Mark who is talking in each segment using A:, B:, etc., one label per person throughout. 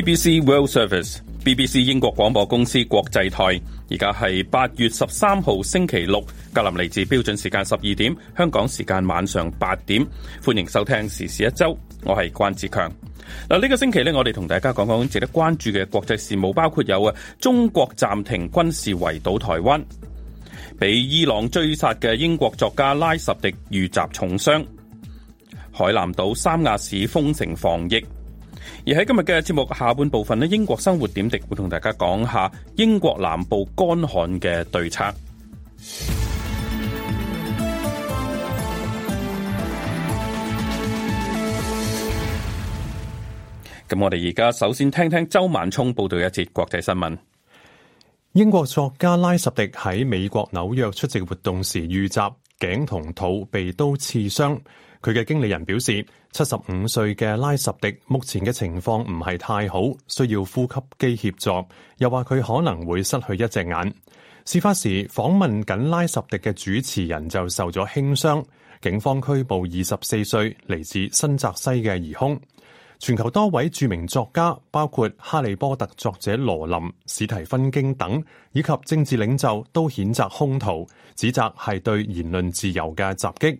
A: BBC World Service，BBC 英國廣播公司國際台，而家係八月十三號星期六，格林尼治標準時間十二點，香港時間晚上八點，歡迎收聽時事一周，我係關志強。嗱，呢個星期咧，我哋同大家講講值得關注嘅國際事務，包括有啊，中國暫停軍事圍堵台灣，被伊朗追殺嘅英國作家拉什迪遇襲重傷，海南島三亞市封城防疫。而喺今日嘅節目下半部分呢，英國生活點滴會同大家講下英國南部乾旱嘅對策。咁 我哋而家首先聽聽周萬聰報道一節國際新聞。
B: 英國作家拉什迪喺美國紐約出席活動時，遇襲頸同肚被刀刺傷。佢嘅經理人表示，七十五歲嘅拉什迪目前嘅情況唔係太好，需要呼吸機協助。又話佢可能會失去一隻眼。事發時訪問緊拉什迪嘅主持人就受咗輕傷。警方拘捕二十四歲嚟自新澤西嘅疑凶。全球多位著名作家，包括《哈利波特》作者羅琳、史提芬京等，以及政治領袖都譴責凶徒，指責係對言論自由嘅襲擊。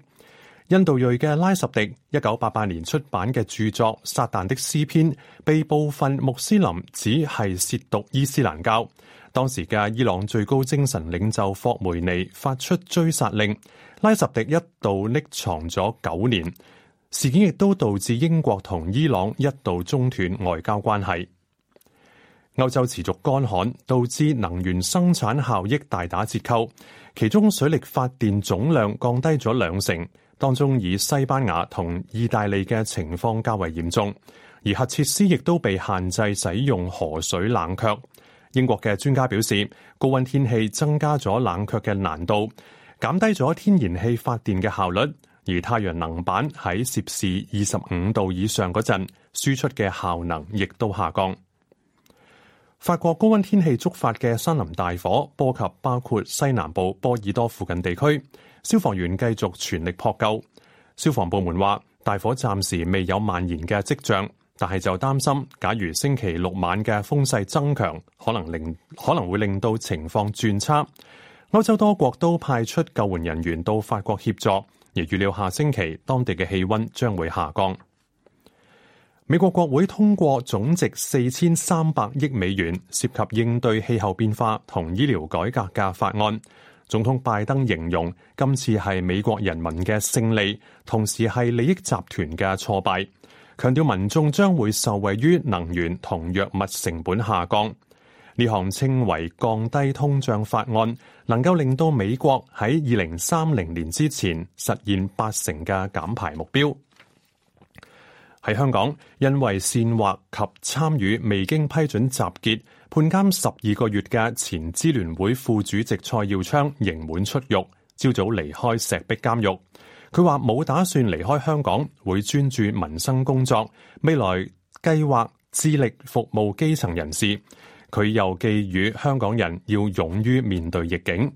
B: 印度裔嘅拉什迪一九八八年出版嘅著作《撒旦的詩篇》，被部分穆斯林指係褻瀆伊斯蘭教。當時嘅伊朗最高精神領袖霍梅尼發出追殺令，拉什迪一度匿藏咗九年。事件亦都導致英國同伊朗一度中斷外交關係。歐洲持續乾旱，導致能源生產效益大打折扣，其中水力發電總量降低咗兩成。當中以西班牙同意大利嘅情況較為嚴重，而核設施亦都被限制使用河水冷卻。英國嘅專家表示，高溫天氣增加咗冷卻嘅難度，減低咗天然氣發電嘅效率，而太陽能板喺攝氏二十五度以上嗰陣，輸出嘅效能亦都下降。法國高溫天氣觸發嘅森林大火波及包括西南部波爾多附近地區。消防員繼續全力撲救。消防部門話，大火暫時未有蔓延嘅跡象，但係就擔心，假如星期六晚嘅風勢增強，可能令可能會令到情況轉差。歐洲多國都派出救援人員到法國協助，而預料下星期當地嘅氣溫將會下降。美國國會通過總值四千三百億美元涉及應對氣候變化同醫療改革嘅法案。總統拜登形容，今次係美國人民嘅勝利，同時係利益集團嘅挫敗，強調民眾將會受惠於能源同藥物成本下降。呢項稱為降低通脹法案，能夠令到美國喺二零三零年之前實現八成嘅減排目標。喺香港，因為煽惑及參與未經批准集結。判監十二個月嘅前支聯會副主席蔡耀昌刑滿出獄，朝早離開石壁監獄。佢話冇打算離開香港，會專注民生工作，未來計劃致力服務基層人士。佢又寄語香港人要勇於面對逆境。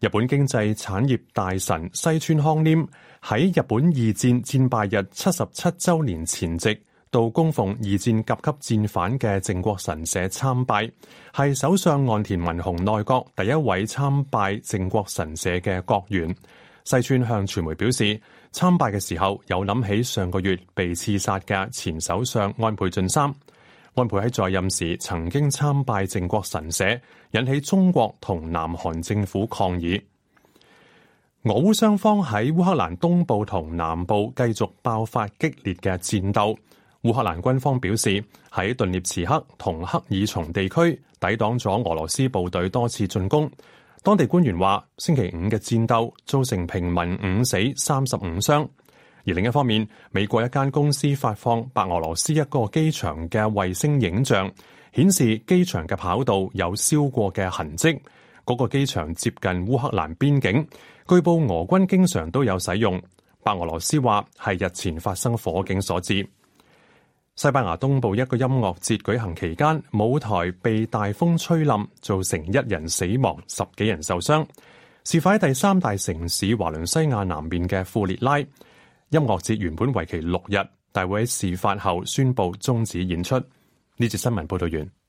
B: 日本經濟產業大臣西村康稔喺日本二戰戰敗日七十七周年前夕。到供奉二戰甲級戰犯嘅靖國神社參拜，係首相岸田文雄內閣第一位參拜靖國神社嘅國員。世川向傳媒表示，參拜嘅時候有諗起上個月被刺殺嘅前首相安倍晉三。安倍喺在，在任時曾經參拜靖國神社，引起中國同南韓政府抗議。俄烏雙方喺烏克蘭東部同南部繼續爆發激烈嘅戰鬥。烏克蘭軍方表示，喺頓涅茨克同克爾松地區抵擋咗俄羅斯部隊多次進攻。當地官員話，星期五嘅戰鬥造成平民五死三十五傷。而另一方面，美國一間公司發放白俄羅斯一個機場嘅衛星影像，顯示機場嘅跑道有燒過嘅痕跡。嗰個機場接近烏克蘭邊境，據報俄軍經常都有使用。白俄羅斯話係日前發生火警所致。西班牙東部一個音樂節舉行期間，舞台被大風吹冧，造成一人死亡，十幾人受傷。事發喺第三大城市華倫西亞南面嘅庫列拉。音樂節原本為期六日，大會喺事發後宣布終止演出。呢節新聞報道完。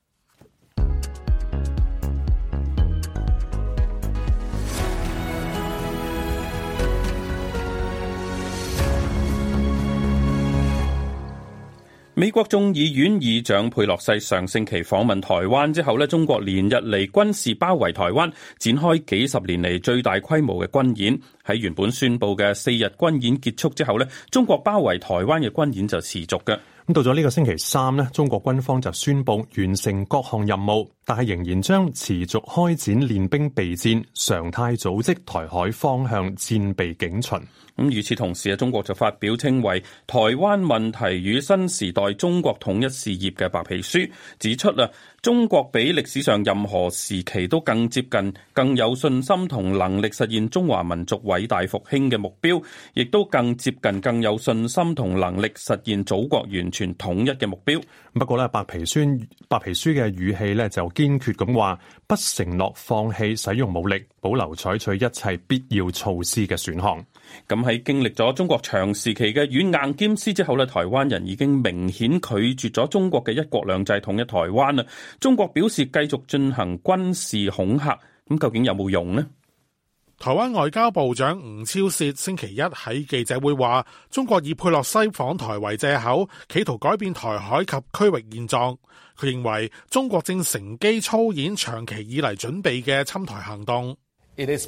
A: 美國眾議院議長佩洛西上星期訪問台灣之後咧，中國連日嚟軍事包圍台灣，展開幾十年嚟最大規模嘅軍演。喺原本宣布嘅四日軍演結束之後咧，中國包圍台灣嘅軍演就持續嘅。咁到咗呢個星期三咧，中國軍方就宣布
B: 完成各項任務，但係仍然將持續開展練兵備戰，常態
A: 組織台海方向戰備警巡。咁與此同時啊，中國就發表稱為《台灣問題與新時代中國統一事業》嘅白皮書，指出啊。中國比歷史上任何時期都更接近、更有信心同能力實現中華民族偉大復興嘅目標，亦都更接近、更有信心同能力實現祖國完全統一嘅目標。不過咧，白皮書白
B: 皮書嘅語氣咧就堅決咁話，不承諾放棄使用武力，保留
A: 採取一切必要措施嘅選項。咁喺經歷咗中國長時期嘅軟硬兼施之後呢，台灣人已經明顯拒絕咗中國嘅一國兩制統一台灣
C: 啦。中國表示繼續進行軍事恐嚇，咁究竟有冇用呢？台灣外交部長吳釗燮星期一喺記者會話，中國以佩洛西訪台為借口，企圖改變台海及區域現狀。佢認為中國正乘機操演長期以嚟準備嘅侵台行動。It is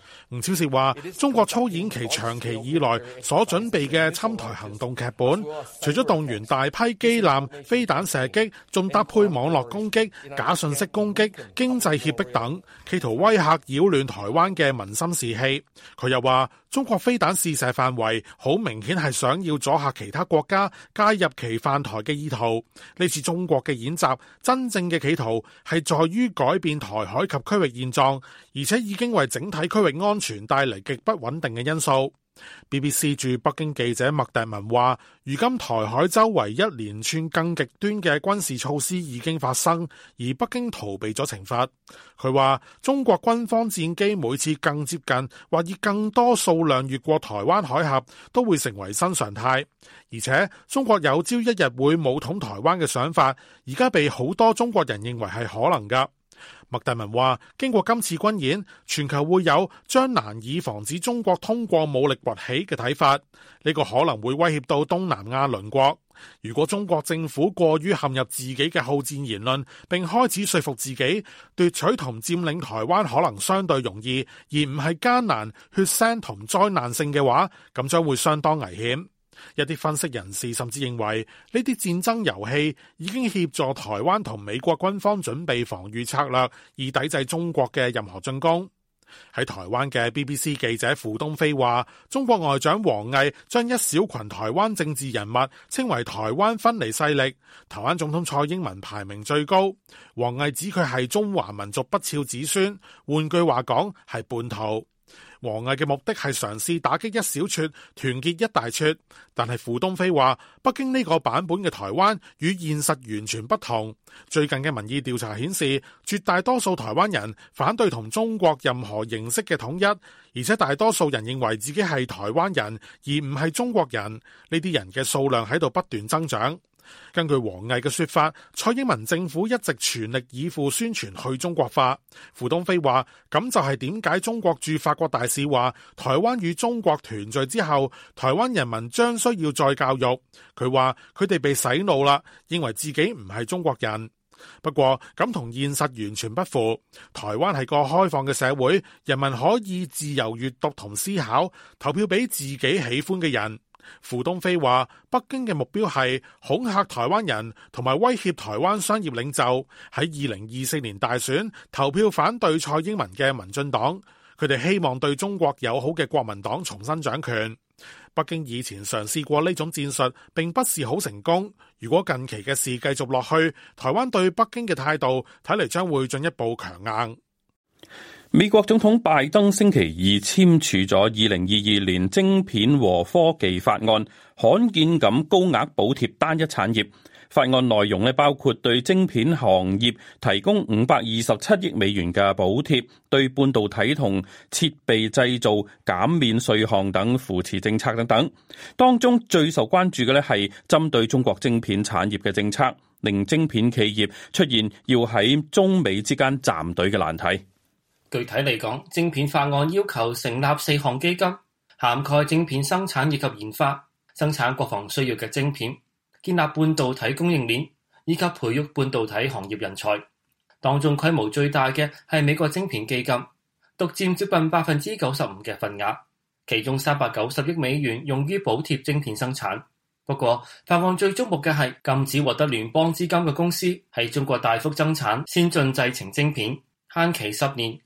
C: 吳超說：話中國操演，其長期以來所準備嘅侵台行動劇本，除咗動員大批機艦、飛彈射擊，仲搭配網絡攻擊、假信息攻擊、經濟脅迫等，企圖威嚇、擾亂台灣嘅民心士氣。佢又話：中國飛彈試射範圍好明顯係想要阻嚇其他國家加入其犯台嘅意圖。呢次中國嘅演習真正嘅企圖係在於改變台海及區域現狀，而且已經為整體區域安全帶嚟極不穩定嘅因素。BBC 駐北京記者麥迪文話，如今台海周圍一連串更極端嘅軍事措施已經發生，而北京逃避咗懲罰。佢話中國軍方戰機每次更接近或以更多數量越過台灣海峽，都會成為新常態。而且中國有朝一日會武統台灣嘅想法，而家被好多中國人認為係可能㗎。麥蒂文話：經過今次軍演，全球會有將難以防止中國通過武力崛起嘅睇法。呢個可能會威脅到東南亞鄰國。如果中國政府過於陷入自己嘅好戰言論，並開始說服自己奪取同佔領台灣可能相對容易，而唔係艱難、血腥同災難性嘅話，咁將會相當危險。一啲分析人士甚至認為，呢啲戰爭遊戲已經協助台灣同美國軍方準備防禦策略，以抵制中國嘅任何進攻。喺台灣嘅 BBC 記者傅東飛話，中國外長王毅將一小群台灣政治人物稱為台灣分離勢力，台灣總統蔡英文排名最高。王毅指佢係中華民族不肖子孫，換句話講係叛徒。王毅嘅目的係嘗試打擊一小撮，團結一大撮。但係傅東飛話，北京呢個版本嘅台灣與現實完全不同。最近嘅民意調查顯示，絕大多數台灣人反對同中國任何形式嘅統一，而且大多數人認為自己係台灣人，而唔係中國人。呢啲人嘅數量喺度不斷增長。根據王毅嘅說法，蔡英文政府一直全力以赴宣傳去中國化。傅東飛話：咁就係點解中國駐法國大使話台灣與中國團聚之後，台灣人民將需要再教育。佢話佢哋被洗腦啦，認為自己唔係中國人。不過咁同現實完全不符。台灣係個開放嘅社會，人民可以自由閱讀同思考，投票俾自己喜歡嘅人。傅東飛話，北京嘅目標係恐嚇台灣人，同埋威脅台灣商業領袖喺二零二四年大選投票反對蔡英文嘅民進黨。佢哋希望對中國友好嘅國民黨重新掌權。北京以前嘗試過呢種戰術，並不是好成功。如果近期嘅事繼續落去，台灣對北京嘅態度睇嚟將會進一步強硬。
A: 美國總統拜登星期二簽署咗二零二二年晶片和科技法案，罕見咁高額補貼單一產業。法案內容呢，包括對晶片行業提供五百二十七億美元嘅補貼，對半導體同設備製造減免稅項等扶持政策等等。當中最受關注嘅呢係針對中國晶片產業嘅政策，令晶片企業出現要喺中美之間站隊嘅難題。
D: 具體嚟講，晶片法案要求成立四項基金，涵蓋晶片生產以及研發、生產國防需要嘅晶片，建立半導體供應鏈以及培育半導體行業人才。當中規模最大嘅係美國晶片基金，獨占接近百分之九十五嘅份額，其中三百九十億美元用於補貼晶片生產。不過，法案最矚目嘅係禁止獲得聯邦資金嘅公司喺中國大幅增產先進製程晶片，限期十年。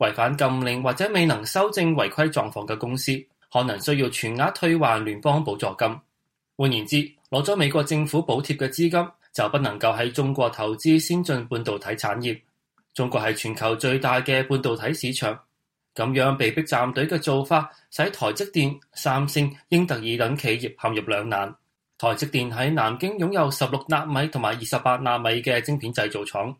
D: 違反禁令或者未能修正違規狀況嘅公司，可能需要全額退還聯邦補助金。換言之，攞咗美國政府補貼嘅資金，就不能夠喺中國投資先進半導體產業。中國係全球最大嘅半導體市場，咁樣被迫站隊嘅做法，使台積電、三星、英特爾等企業陷入兩難。台積電喺南京擁有十六納米同埋二十八納米嘅晶片製造廠。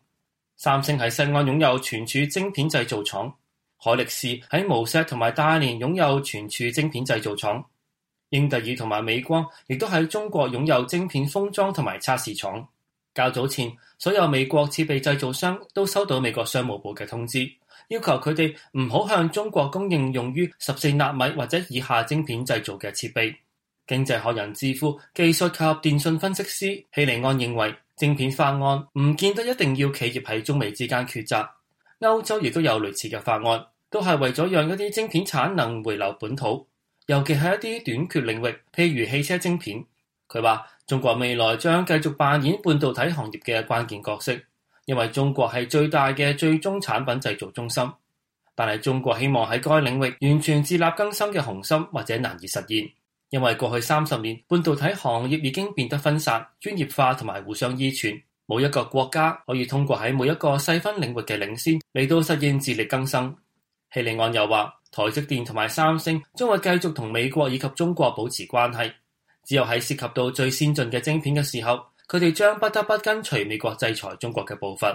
D: 三星喺西安擁有存儲晶片製造廠，海力士喺無錫同埋大連擁有存儲晶片製造廠，英特爾同埋美光亦都喺中國擁有晶片封裝同埋測試廠。較早前，所有美國設備製造商都收到美國商務部嘅通知，要求佢哋唔好向中國供應用於十四納米或者以下晶片製造嘅設備。經濟學人智庫技術及電訊分析師希利安認為。晶片法案唔見得一定要企業喺中美之間抉擇，歐洲亦都有類似嘅法案，都係為咗讓一啲晶片產能回流本土，尤其係一啲短缺領域，譬如汽車晶片。佢話，中國未來將繼續扮演半導體行業嘅關鍵角色，因為中國係最大嘅最終產品製造中心。但係中國希望喺該領域完全自立更生嘅雄心，或者難以實現。因為過去三十年，半導體行業已經變得分散、專業化同埋互相依存，冇一個國家可以通過喺每一個細分領域嘅領先嚟到實現自力更生。希利安又話，台積電同埋三星將會繼續同美國以及中國保持關係，只有喺涉及到最先進嘅晶片嘅時候，佢哋將不得不跟隨美國制裁中國嘅步伐。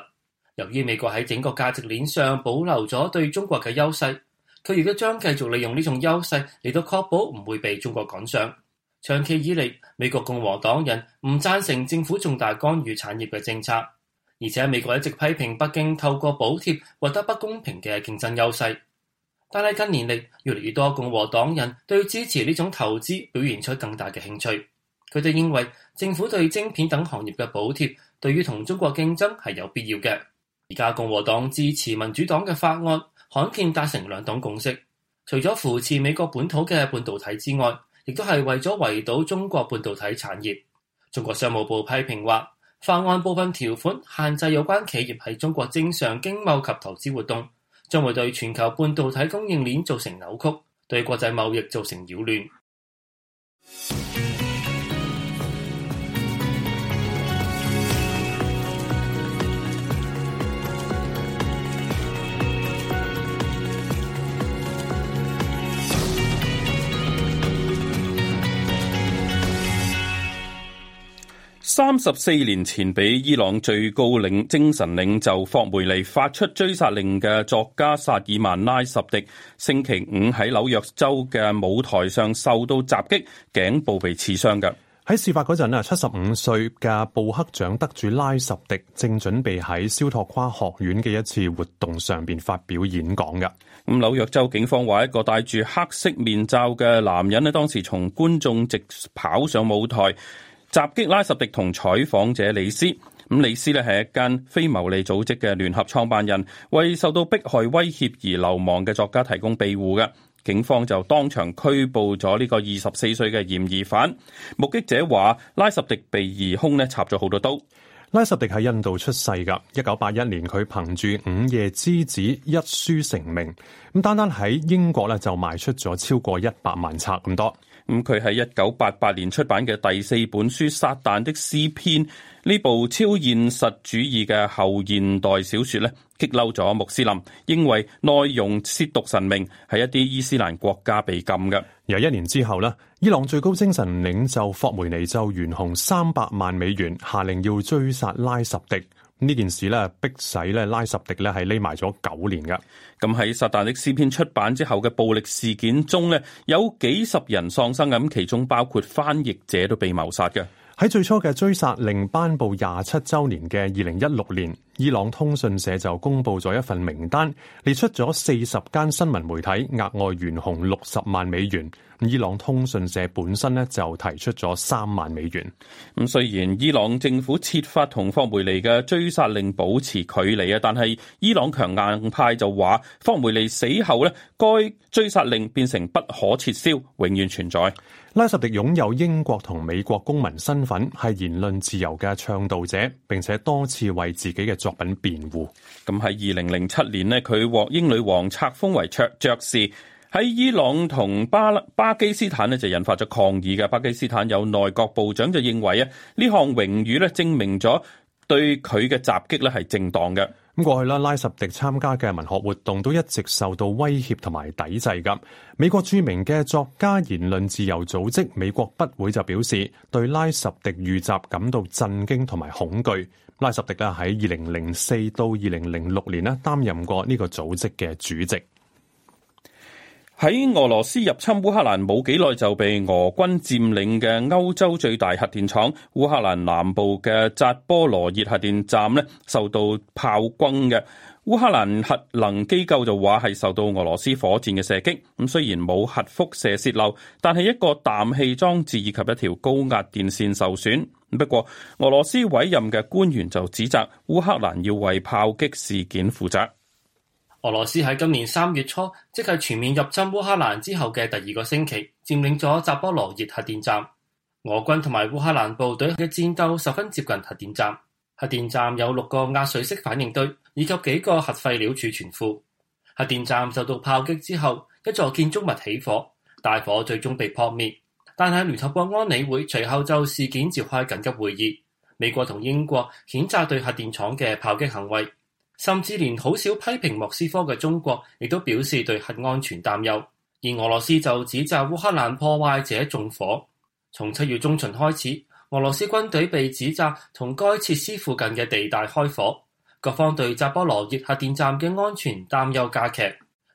D: 由於美國喺整個價值鏈上保留咗對中國嘅優勢。佢亦都將繼續利用呢種優勢嚟到確保唔會被中國趕上。長期以嚟，美國共和黨人唔贊成政府重大干預產業嘅政策，而且美國一直批評北京透過補貼獲得不公平嘅競爭優勢。但係近年嚟，越嚟越多共和黨人對支持呢種投資表現出更大嘅興趣。佢哋認為政府對晶片等行業嘅補貼對於同中國競爭係有必要嘅。而家共和黨支持民主黨嘅法案。罕見達成兩黨共識，除咗扶持美國本土嘅半導體之外，亦都係為咗圍堵中國半導體產業。中國商務部批評話，法案部分條款限制有關企業喺中國正常經貿及投資活動，將會對全球半導體供應鏈造成扭曲，對國際貿易造成擾亂。
A: 三十四年前俾伊朗最高領精神領袖霍梅尼發出追殺令嘅作家薩爾曼拉什迪，星期五喺紐約州嘅舞台上受到襲擊，頸部被刺傷嘅。喺事發嗰陣啊七
B: 十五歲嘅布克獎得主拉什迪正準備喺肖托夸學
A: 院嘅一次活動上邊發表演講嘅。咁紐約州警方話，一個戴住黑色面罩嘅男人咧，當時從觀眾席跑上舞台。襲擊拉什迪同採訪者李斯，咁李斯咧係一間非牟利組織嘅聯合創辦人，為受到迫害威脅而流亡嘅作家提供庇護嘅。警方就當場拘捕咗呢個二十四歲嘅嫌疑犯。目擊者話，拉什迪被疑兇咧插咗好多刀。拉什迪喺印度出世噶，一九八一年佢憑
B: 住《午夜之子》一書成名，咁單單喺英國咧就賣出咗
A: 超過一百萬冊咁多。咁佢喺一九八八年出版嘅第四本書《撒旦的詩篇》，呢部超現實主義嘅後現代小說咧，激嬲咗穆斯林，因為內容褻瀆神明，係一啲伊斯蘭國家被禁嘅。又一年之後咧，
B: 伊朗最高精神領袖霍梅尼就懸紅三百萬美元，下令要追殺拉什迪。呢件事咧，迫使咧拉
A: 什迪咧係匿埋咗九年嘅。咁喺《撒旦的詩篇》出版之後嘅暴力事件中咧，有幾十人喪生，咁其中包括翻譯者都被謀殺嘅。喺
B: 最初嘅追殺令頒布廿七周年嘅二零一六年，伊朗通訊社就公布咗一份名單，列出咗四十間新聞媒體額外懸紅六
A: 十萬美元。伊朗通訊社本身咧就提出咗三萬美元。咁雖然伊朗政府設法同霍梅尼嘅追殺令保持距離啊，但係伊朗強硬派就話，霍梅尼死後咧，該追殺令變成不可撤銷，永遠存在。拉什迪擁有英國同美國公民身份，係言論自由嘅倡導者，並且多次為自己嘅作品辯護。咁喺二零零七年咧，佢獲英女王冊封為爵士。喺伊朗同巴巴基斯坦咧就引發咗抗議嘅。巴基斯坦有內閣部長就認為啊，呢項榮譽咧證明咗對佢嘅襲擊咧係正當嘅。咁過去
B: 啦，拉什迪參加嘅文學活動都一直受到威脅同埋抵制噶。美國著名嘅作家言論自由組織美國筆會就表示，對拉什迪遇襲感到震驚同埋恐懼。拉什迪咧喺二零零四到二零零
A: 六年咧擔任過呢個組織嘅主席。喺俄羅斯入侵烏克蘭冇幾耐，就被俄軍佔領嘅歐洲最大核電廠烏克蘭南部嘅扎波羅熱核電站咧，受到炮轟嘅。烏克蘭核能機構就話係受到俄羅斯火箭嘅射擊。咁雖然冇核輻射洩漏，但係一個氮氣裝置以及一條高壓電線受損。不過俄羅斯委任嘅官員就指責烏克蘭要為炮擊事件負責。
D: 俄羅斯喺今年三月初，即係全面入侵烏克蘭之後嘅第二個星期，佔領咗扎波羅熱核電站。俄軍同埋烏克蘭部隊嘅戰鬥十分接近核電站。核電站有六個壓水式反應堆，以及幾個核廢料儲存庫。核電站受到炮擊之後，一座建築物起火，大火最終被撲滅。但係聯合國安理會隨後就事件召開緊急會議，美國同英國譴責對核電廠嘅炮擊行為。甚至連好少批評莫斯科嘅中國，亦都表示對核安全擔憂。而俄羅斯就指責烏克蘭破壞者縱火。從七月中旬開始，俄羅斯軍隊被指責同該設施附近嘅地帶開火。各方對扎波羅熱核電站嘅安全擔憂加劇。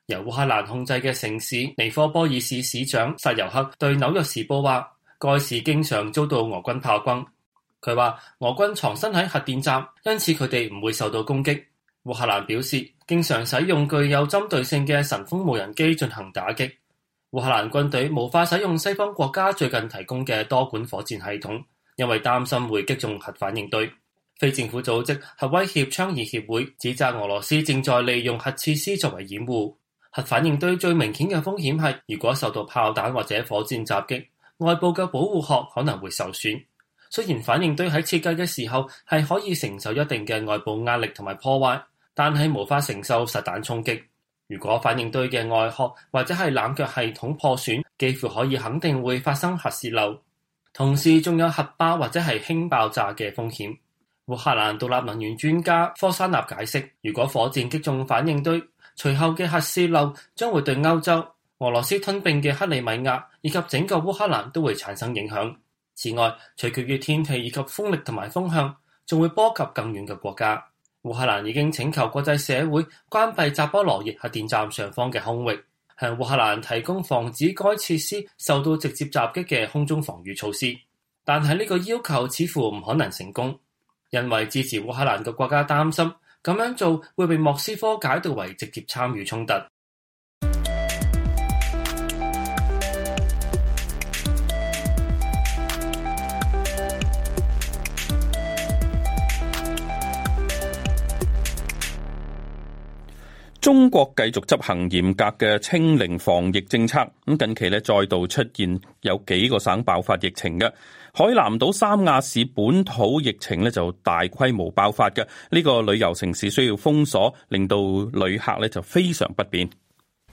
D: 由烏克蘭控制嘅城市尼科波爾市市長薩尤克對紐約時報話，該市經常遭到俄軍炮轟。佢話俄軍藏身喺核電站，因此佢哋唔會受到攻擊。烏克蘭表示，經常使用具有針對性嘅神風無人機進行打擊。烏克蘭軍隊無法使用西方國家最近提供嘅多管火箭系統，因為擔心會擊中核反應堆。非政府組織核威脅倡議協會指責俄羅斯正在利用核設施作為掩護。核反應堆最明顯嘅風險係，如果受到炮彈或者火箭襲擊，外部嘅保護殼可能會受損。雖然反應堆喺設計嘅時候係可以承受一定嘅外部壓力同埋破壞。但係無法承受實彈衝擊。如果反應堆嘅外殼或者係冷卻系統破損，幾乎可以肯定會發生核洩漏。同時，仲有核爆或者係氫爆炸嘅風險。烏克蘭獨立能源專家科沙納解釋，如果火箭擊中反應堆，隨後嘅核洩漏將會對歐洲、俄羅斯吞併嘅克里米亞以及整個烏克蘭都會產生影響。此外，取決於天氣以及風力同埋風向，仲會波及更遠嘅國家。烏克蘭已經請求國際社會關閉扎波羅熱核電站上方嘅空域，向烏克蘭提供防止該設施受到直接襲擊嘅空中防禦措施。但係呢個要求似乎唔可能成功，因為支持烏克蘭嘅國家擔心咁樣做會被莫斯科解讀為直接參與衝突。
A: 中國繼續執行嚴格嘅清零防疫政策，近期再度出現有幾個省爆發疫情。海南島三亞市本土疫情就大規模爆發。呢個旅遊城市需要封鎖，令到旅客就非常不便。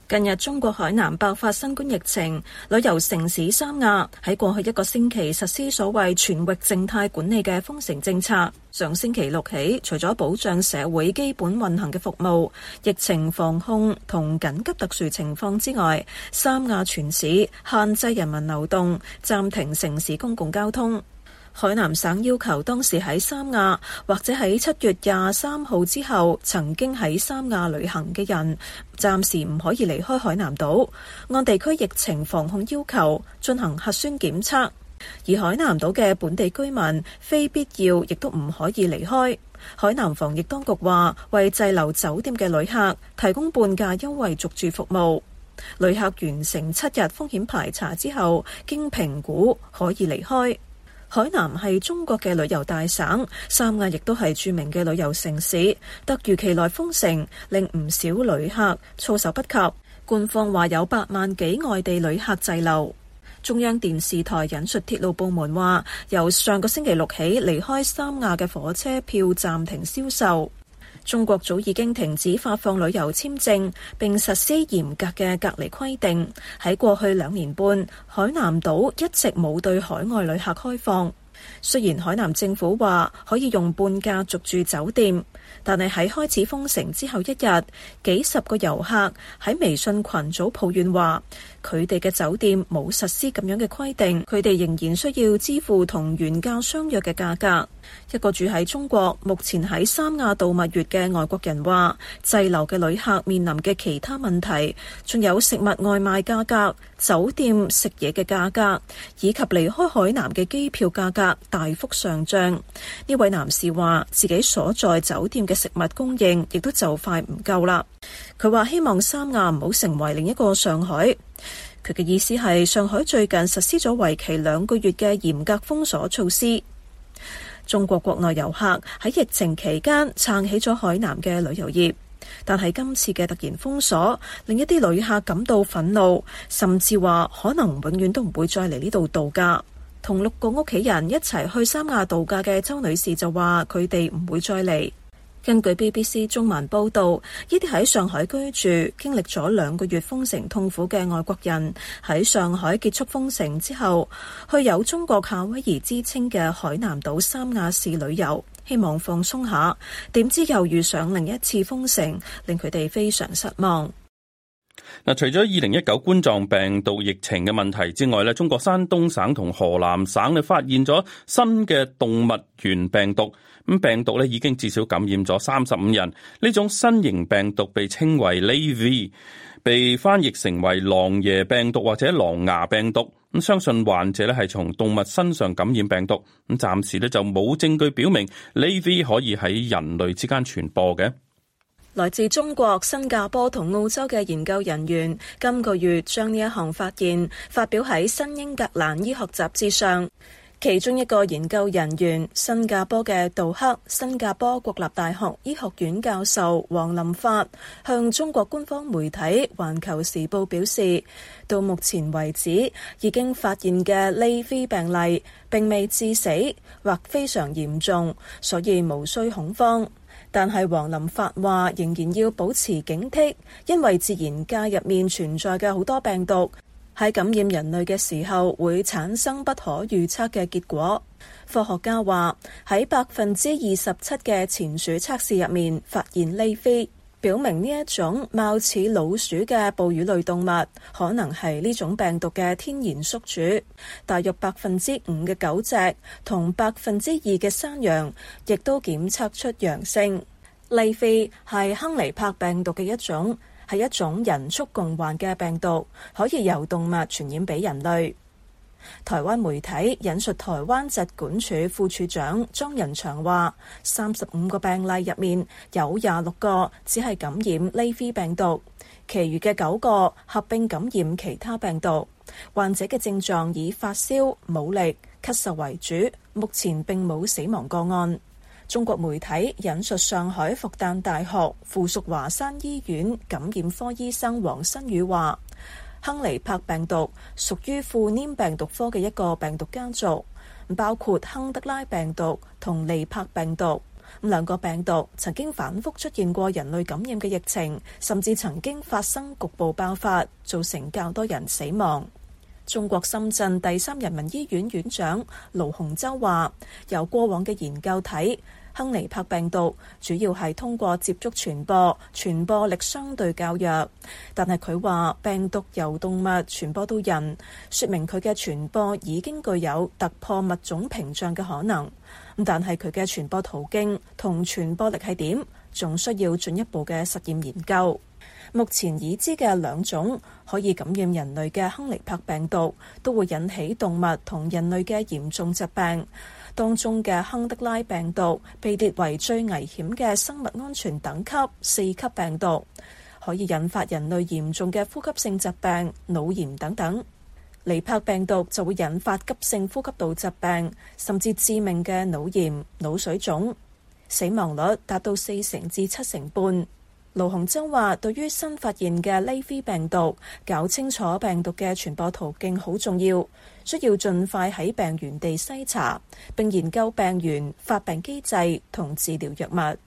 E: 近日，中國海南爆發新冠疫情，旅遊城市三亞喺過去一個星期實施所謂全域靜態管理嘅封城政策。上星期六起，除咗保障社會基本運行嘅服務、疫情防控同緊急特殊情況之外，三亞全市限制人民流動，暫停城市公共交通。海南省要求當時喺三亞或者喺七月廿三號之後曾經喺三亞旅行嘅人，暫時唔可以離開海南島，按地區疫情防控要求進行核酸檢測。而海南島嘅本地居民非必要亦都唔可以離開。海南防疫當局話，為滯留酒店嘅旅客提供半價優惠續住服務。旅客完成七日風險排查之後，經評估可以離開。海南係中國嘅旅遊大省，三亞亦都係著名嘅旅遊城市。突如其來封城，令唔少旅客措手不及。官方話有八萬幾外地旅客滯留。中央電視台引述鐵路部門話，由上個星期六起，離開三亞嘅火車票暫停銷售。中國早已經停止發放旅遊簽證，並實施嚴格嘅隔離規定。喺過去兩年半，海南島一直冇對海外旅客開放。雖然海南政府話可以用半價續住酒店，但係喺開始封城之後一日，幾十個遊客喺微信群組抱怨話。佢哋嘅酒店冇實施咁樣嘅規定，佢哋仍然需要支付同原價相約嘅價格。一個住喺中國，目前喺三亞度蜜月嘅外國人話，滯留嘅旅客面臨嘅其他問題，仲有食物外賣價格、酒店食嘢嘅價格，以及離開海南嘅機票價格大幅上漲。呢位男士話，自己所在酒店嘅食物供應亦都就快唔夠啦。佢話，希望三亞唔好成為另一個上海。佢嘅意思係上海最近實施咗為期兩個月嘅嚴格封鎖措施。中國國內遊客喺疫情期間撐起咗海南嘅旅遊業，但係今次嘅突然封鎖，令一啲旅客感到憤怒，甚至話可能永遠都唔會再嚟呢度度假。同六個屋企人一齊去三亞度度假嘅周女士就話：佢哋唔會再嚟。根據 BBC 中文報道，呢啲喺上海居住、經歷咗兩個月封城痛苦嘅外國人，喺上海結束封城之後，去有中國夏威夷之稱嘅海南島三亞市旅遊，希望放鬆下，點知又遇上另一次封城，令佢哋非常失望。
A: 嗱，除咗二零一九冠狀病毒疫情嘅問題之外咧，中國山東省同河南省咧發現咗新嘅動物源病毒，咁病毒咧已經至少感染咗三十五人。呢種新型病毒被稱為 LAV，被翻譯成為狼爺病毒或者狼牙病毒。咁相信患者咧係從動物身上感染病毒，咁暫時咧就冇證據表明 LAV 可以喺人類之間傳播嘅。
E: 來自中國、新加坡同澳洲嘅研究人員今個月將呢一項發現發表喺《新英格蘭醫學雜誌》上。其中一個研究人員，新加坡嘅杜克新加坡國立大學醫學院教授王林發，向中國官方媒體《環球時報》表示，到目前為止已經發現嘅 LayV 病例，並未致死或非常嚴重，所以無需恐慌。但係黃林發話，仍然要保持警惕，因為自然界入面存在嘅好多病毒，喺感染人類嘅時候會產生不可預測嘅結果。科學家話，喺百分之二十七嘅潛水測試入面發現呢飛。表明呢一種貌似老鼠嘅哺乳類動物，可能係呢種病毒嘅天然宿主。大約百分之五嘅狗隻同百分之二嘅山羊，亦都檢測出陽性。利肺係亨尼帕病毒嘅一種，係一種人畜共患嘅病毒，可以由動物傳染俾人類。台灣媒體引述台灣疾管署副署長莊仁祥話：三十五個病例入面有廿六個只係感染 LayV 病毒，其餘嘅九個合併感染其他病毒。患者嘅症狀以發燒、冇力、咳嗽為主，目前並冇死亡個案。中國媒體引述上海復旦大學附屬華山醫院感染科醫生王新宇話。亨尼帕病毒屬於副黏病毒科嘅一個病毒家族，包括亨德拉病毒同尼帕病毒。咁兩個病毒曾經反覆出現過人類感染嘅疫情，甚至曾經發生局部爆發，造成較多人死亡。中國深圳第三人民醫院院長盧洪洲話：由過往嘅研究睇。亨尼帕病毒主要係通過接觸傳播，傳播力相對較弱。但係佢話病毒由動物傳播到人，說明佢嘅傳播已經具有突破物種屏障嘅可能。咁但係佢嘅傳播途徑同傳播力係點，仲需要進一步嘅實驗研究。目前已知嘅兩種可以感染人類嘅亨尼帕病毒，都會引起動物同人類嘅嚴重疾病。當中嘅亨德拉病毒被列為最危險嘅生物安全等級四級病毒，可以引發人類嚴重嘅呼吸性疾病、腦炎等等。尼帕病毒就會引發急性呼吸道疾病，甚至致命嘅腦炎、腦水腫，死亡率達到四成至七成半。盧鴻增話，對於新發現嘅 LayV 病毒，搞清楚病毒嘅傳播途徑好重要。需要盡快喺病原地篩查，並研究病原發病機制同治療藥物。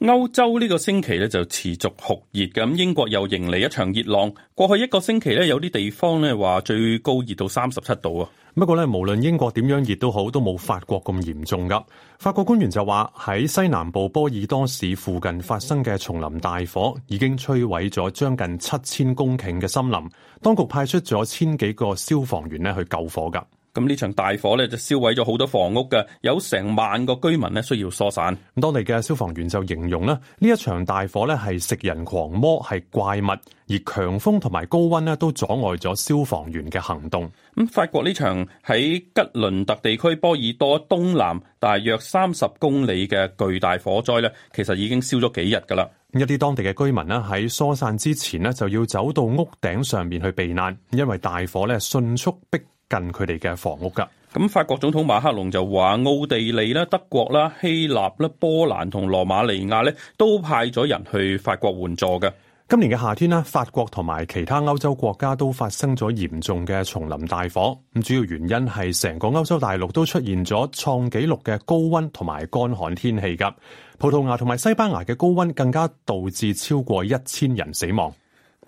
A: 歐洲呢個星期咧就持續酷熱咁，英國又迎嚟一場熱浪。過去一個星期咧，有啲地方咧話最高熱到三十七度啊。不過咧，無論英國點樣熱都好，都冇法國
B: 咁嚴重噶。法國官員就話喺西南部波爾多市附近發生嘅松林大火，已經摧毀咗將近七千公頃嘅森林。當局派出
A: 咗千幾個消防員咧去救火噶。咁呢場大火咧就燒毀咗好多房屋㗎，有成萬個居民呢，需要疏散。當地嘅消防員就形容咧呢一場大
B: 火咧係食人狂魔，係怪物，而強風同埋高溫呢，都阻礙咗
A: 消防員嘅行動。咁法國呢場喺吉倫特地區波爾多東南大約三十公里嘅巨大火災咧，其實已經燒咗幾日噶啦。
B: 一啲當地嘅居民呢，喺疏散之前呢，就要走到屋頂上面去避難，
A: 因為大火咧迅速逼近佢哋嘅房屋噶。咁法國總統馬克龍就話，奧地利啦、德國啦、希臘啦、波蘭同羅馬尼亞咧，都派咗人去法國援助噶，今年嘅夏天啦，法國同埋其他歐洲國家都發生
B: 咗嚴重嘅叢林大火。咁主要原因係成個歐洲大陸都出現咗創紀錄嘅高溫同埋乾旱天氣噶。葡萄牙同埋西班牙嘅高溫更加
A: 導致超過一千人死亡。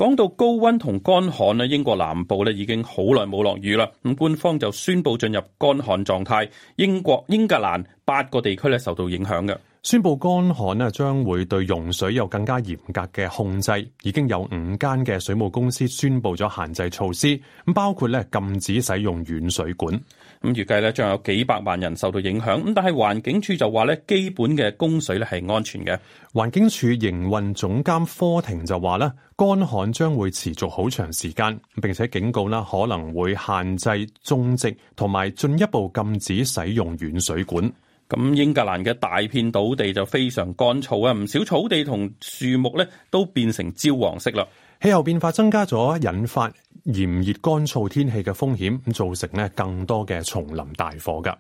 A: 講到高溫同乾旱咧，英國南部咧已經好耐冇落雨啦，咁官方就宣布進入乾旱狀態。英國英格蘭八個地區咧受到影響嘅，宣布乾旱咧將會對用水有
B: 更加嚴格嘅控制。已經有五間嘅水務公司宣布咗限制措施，
A: 咁包括咧禁止使用軟水管。咁預計咧，將有幾百萬人受到影響。咁但係環境署就話咧，基本嘅供水咧係安全嘅。環境署營
B: 運總監科廷就話咧，乾旱將會持續好長時間，並且警告咧可能會限制種植同埋進一步禁止使用軟水
A: 管。咁英格蘭嘅大片土地就非常乾燥啊，唔少草地同樹木咧都變成焦黃色啦。氣候變化增加咗引發炎熱
B: 乾燥天氣嘅風險，咁造成咧更多嘅叢林大
A: 火噶。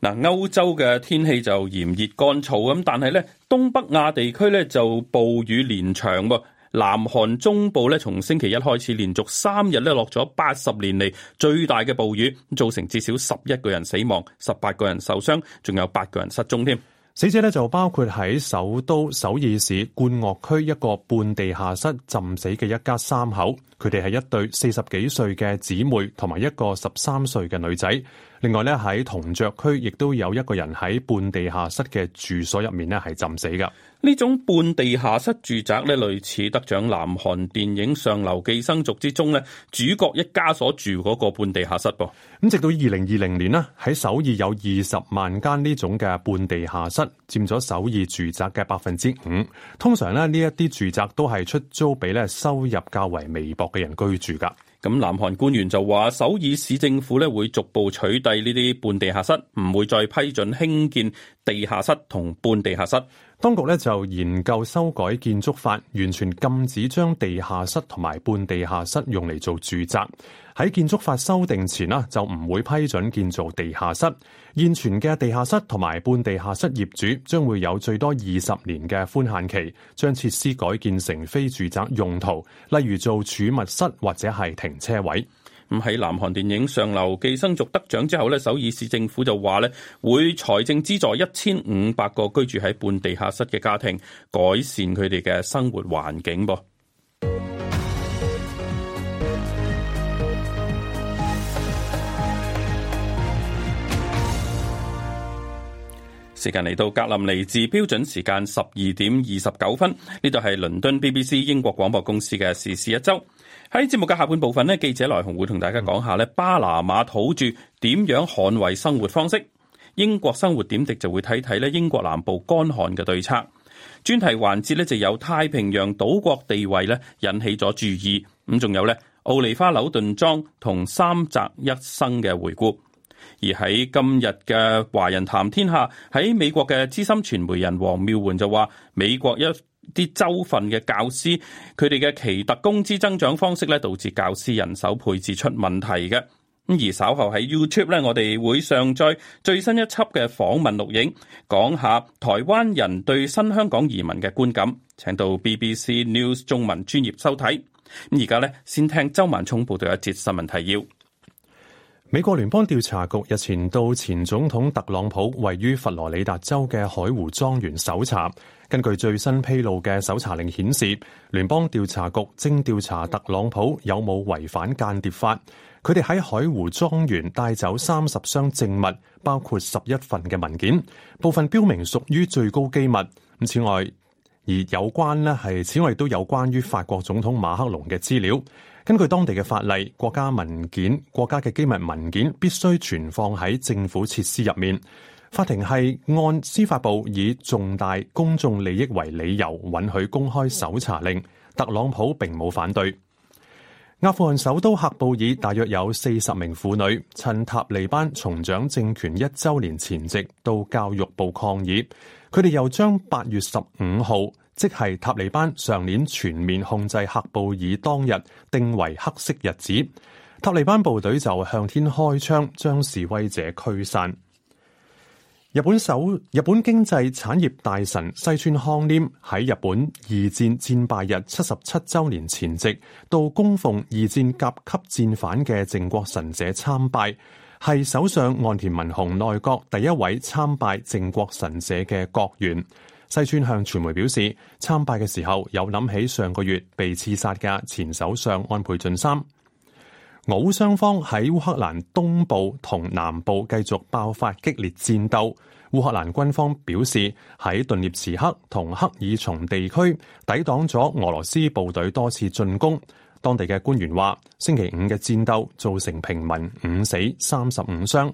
A: 嗱，歐洲嘅天氣就炎熱乾燥咁，但係咧東北亞地區咧就暴雨連場喎。南韓中部咧從星期一開始，連續三日咧落咗八十年嚟最大嘅暴雨，造成至少十一個人死亡、十八個人受傷，仲有八個人失蹤添。死者咧就包括喺首都首爾市冠岳
B: 區一個半地下室浸死嘅一家三口，佢哋係一對四十幾歲嘅姊妹同埋一個十三歲嘅女仔。另外咧，喺同雀區亦都有一
A: 個人喺半地下室嘅住所入面咧，係浸死噶。呢種半地下室住宅咧，類似得獎南韓電影《上流寄生族》之中咧主角一家所住嗰個半地下室噃。咁直到二零二零年啦，喺首爾有二十萬
B: 間呢種嘅半地下室，佔咗首爾住宅嘅百分之五。通常咧，呢一
A: 啲住宅都係出租俾咧收入較為微薄嘅人居住噶。咁南韓官員就話，首爾市政府咧會逐步取締呢啲半地下室，唔會再批准興建地下室同半地下室。當局咧就研究修改建
B: 築法，完全禁止將地下室同埋半地下室用嚟做住宅。喺建築法修訂前啊，就唔會批准建造地下室。現存嘅地下室同埋半地下室業主將會有最多二十年嘅寬限期，將設施
A: 改建成非住宅用途，例如做儲物室或者係停車位。咁喺南韓電影《上流寄生族》得獎之後咧，首爾市政府就話咧會財政資助一千五百個居住喺半地下室嘅家庭，改善佢哋嘅生活環境噃。時間嚟到格林尼治標準時間十二點二十九分，呢度係倫敦 BBC 英國廣播公司嘅時事一周。喺節目嘅下半部分呢，記者來鴻會同大家講下咧，巴拿馬土著點樣捍衛生活方式。英國生活點滴就會睇睇咧，英國南部乾旱嘅對策。專題環節呢，就有太平洋島國地位咧，引起咗注意。咁仲有咧，奧利花紐頓莊同三宅一生嘅回顧。而喺今日嘅《華人談天下》，喺美國嘅資深傳媒人黃妙媛就話，美國一啲州份嘅教師，佢哋嘅奇特工資增長方式咧，導致教師人手配置出問題嘅。咁而稍後喺 YouTube 咧，我哋會上載最新一輯嘅訪問錄影，講下台灣人對新香港移民嘅觀感，請到 BBC News 中文專業收睇。咁而家咧，先聽周曼聰報道一節新聞提要。
B: 美國聯邦調查局日前到前總統特朗普位於佛羅里達州嘅海湖莊園搜查。根據最新披露嘅搜查令顯示，聯邦調查局正調查特朗普有冇違反間諜法。佢哋喺海湖莊園帶走三十箱證物，包括十一份嘅文件，部分標明屬於最高機密。咁此外，而有關咧係此外都有關於法國總統馬克龍嘅資料。根據當地嘅法例，國家文件、國家嘅機密文件必須存放喺政府設施入面。法庭係按司法部以重大公眾利益為理由，允許公開搜查令。特朗普並冇反對。阿富汗首都喀布爾，大約有四十名婦女趁塔利班重掌政權一週年前夕到教育部抗議，佢哋又將八月十五號，即係塔利班上年全面控制喀布爾當日，定為黑色日子。塔利班部隊就向天開槍，將示威者驅散。日本首日本經濟產業大臣西村康稔喺日本二戰戰敗日七十七周年前夕，到供奉二戰甲級戰犯嘅靖國神社參拜，係首相岸田文雄內閣第一位參拜靖國神社嘅國員。西村向傳媒表示，參拜嘅時候有諗起上個月被刺殺嘅前首相安倍晉三。俄烏雙方喺烏克蘭東部同南部繼續爆發激烈戰鬥。烏克蘭軍方表示喺頓涅茨克同克爾松地區抵擋咗俄羅斯部隊多次進攻。當地嘅官員話，星期五嘅戰鬥造成平民五死三十五傷。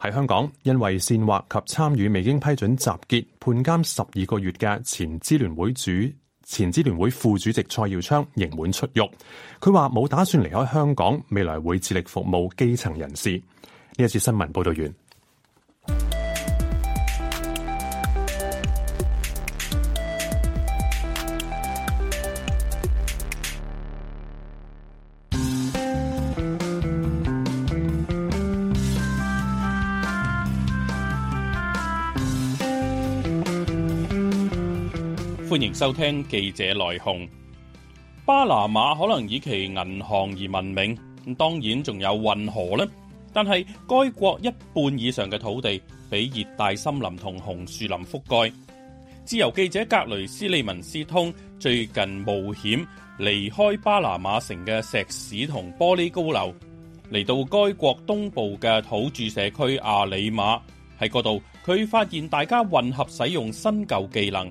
B: 喺香港，因為煽惑及參與未經批准集結，判監十二個月嘅前支聯會主前支聯會副主席蔡耀昌刑滿出獄。佢話冇打算離開香港，未來會致力服務基層人士。呢一次新聞報道完。
A: 歡迎收聽記者來鴻。巴拿馬可能以其銀行而聞名，咁當然仲有運河呢。但係該國一半以上嘅土地俾熱帶森林同紅樹林覆蓋。自由記者格雷斯利文斯通最近冒險離開巴拿馬城嘅石屎同玻璃高樓，嚟到該國東部嘅土著社區阿里馬。喺嗰度，佢發現大家混合使用新舊技能。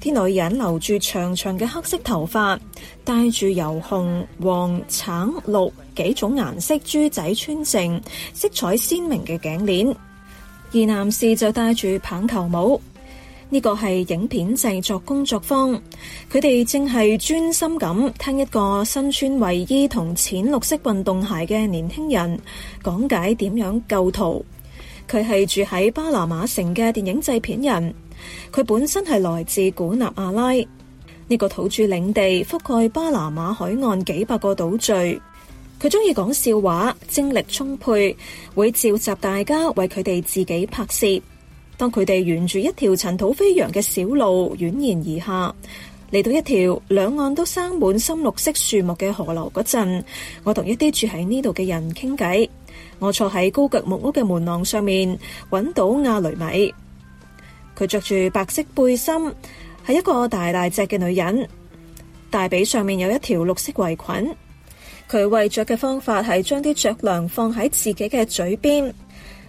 E: 啲女人留住長長嘅黑色頭髮，戴住由紅、黃、橙、綠幾種顏色珠仔穿成、色彩鮮明嘅頸鏈；而男士就戴住棒球帽。呢個係影片製作工作坊，佢哋正係專心咁聽一個身穿衛衣同淺綠色運動鞋嘅年輕人講解點樣構圖。佢係住喺巴拿馬城嘅電影製片人。佢本身係來自古納亞拉呢個土著領地，覆蓋巴拿馬海岸幾百個島嶼。佢中意講笑話，精力充沛，會召集大家為佢哋自己拍攝。當佢哋沿住一條塵土飛揚嘅小路蜿蜒而下，嚟到一條兩岸都生滿深綠色樹木嘅河流嗰陣，我同一啲住喺呢度嘅人傾偈。我坐喺高腳木屋嘅門廊上面，搵到亞雷米。佢着住白色背心，係一個大大隻嘅女人，大髀上面有一條綠色圍裙。佢餵雀嘅方法係將啲雀糧放喺自己嘅嘴邊。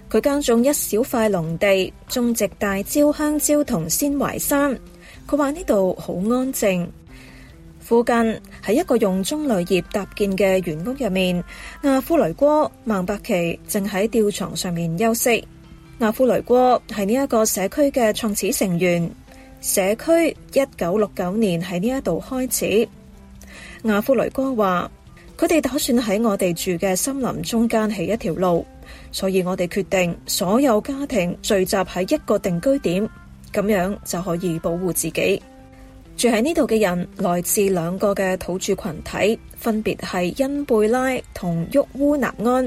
E: 佢耕種一小塊農地，種植大蕉、香蕉同鮮淮山。佢話呢度好安靜。附近喺一個用棕櫚葉搭建嘅圓屋入面，阿夫雷哥孟伯奇正喺吊床上面休息。亞夫雷哥係呢一個社區嘅創始成員，社區一九六九年喺呢一度開始。亞夫雷哥話：佢哋打算喺我哋住嘅森林中間起一條路，所以我哋決定所有家庭聚集喺一個定居點，咁樣就可以保護自己。住喺呢度嘅人來自兩個嘅土著群體，分別係恩貝拉同沃烏納安，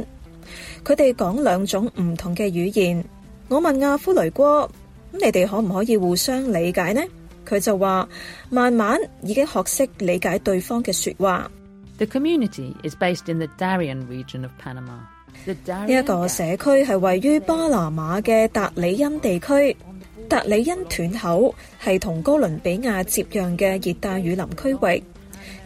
E: 佢哋講兩種唔同嘅語言。我問阿夫雷哥：咁、嗯、你哋可唔可以互相理解呢？佢就話：慢慢已經學識理解對
F: 方嘅說話。The community is based in the Darien region of Panama. 呢一
E: 個社區係位於巴拿馬嘅達里恩地區。達里恩斷口係同哥倫比亞接壤嘅熱帶雨林區域。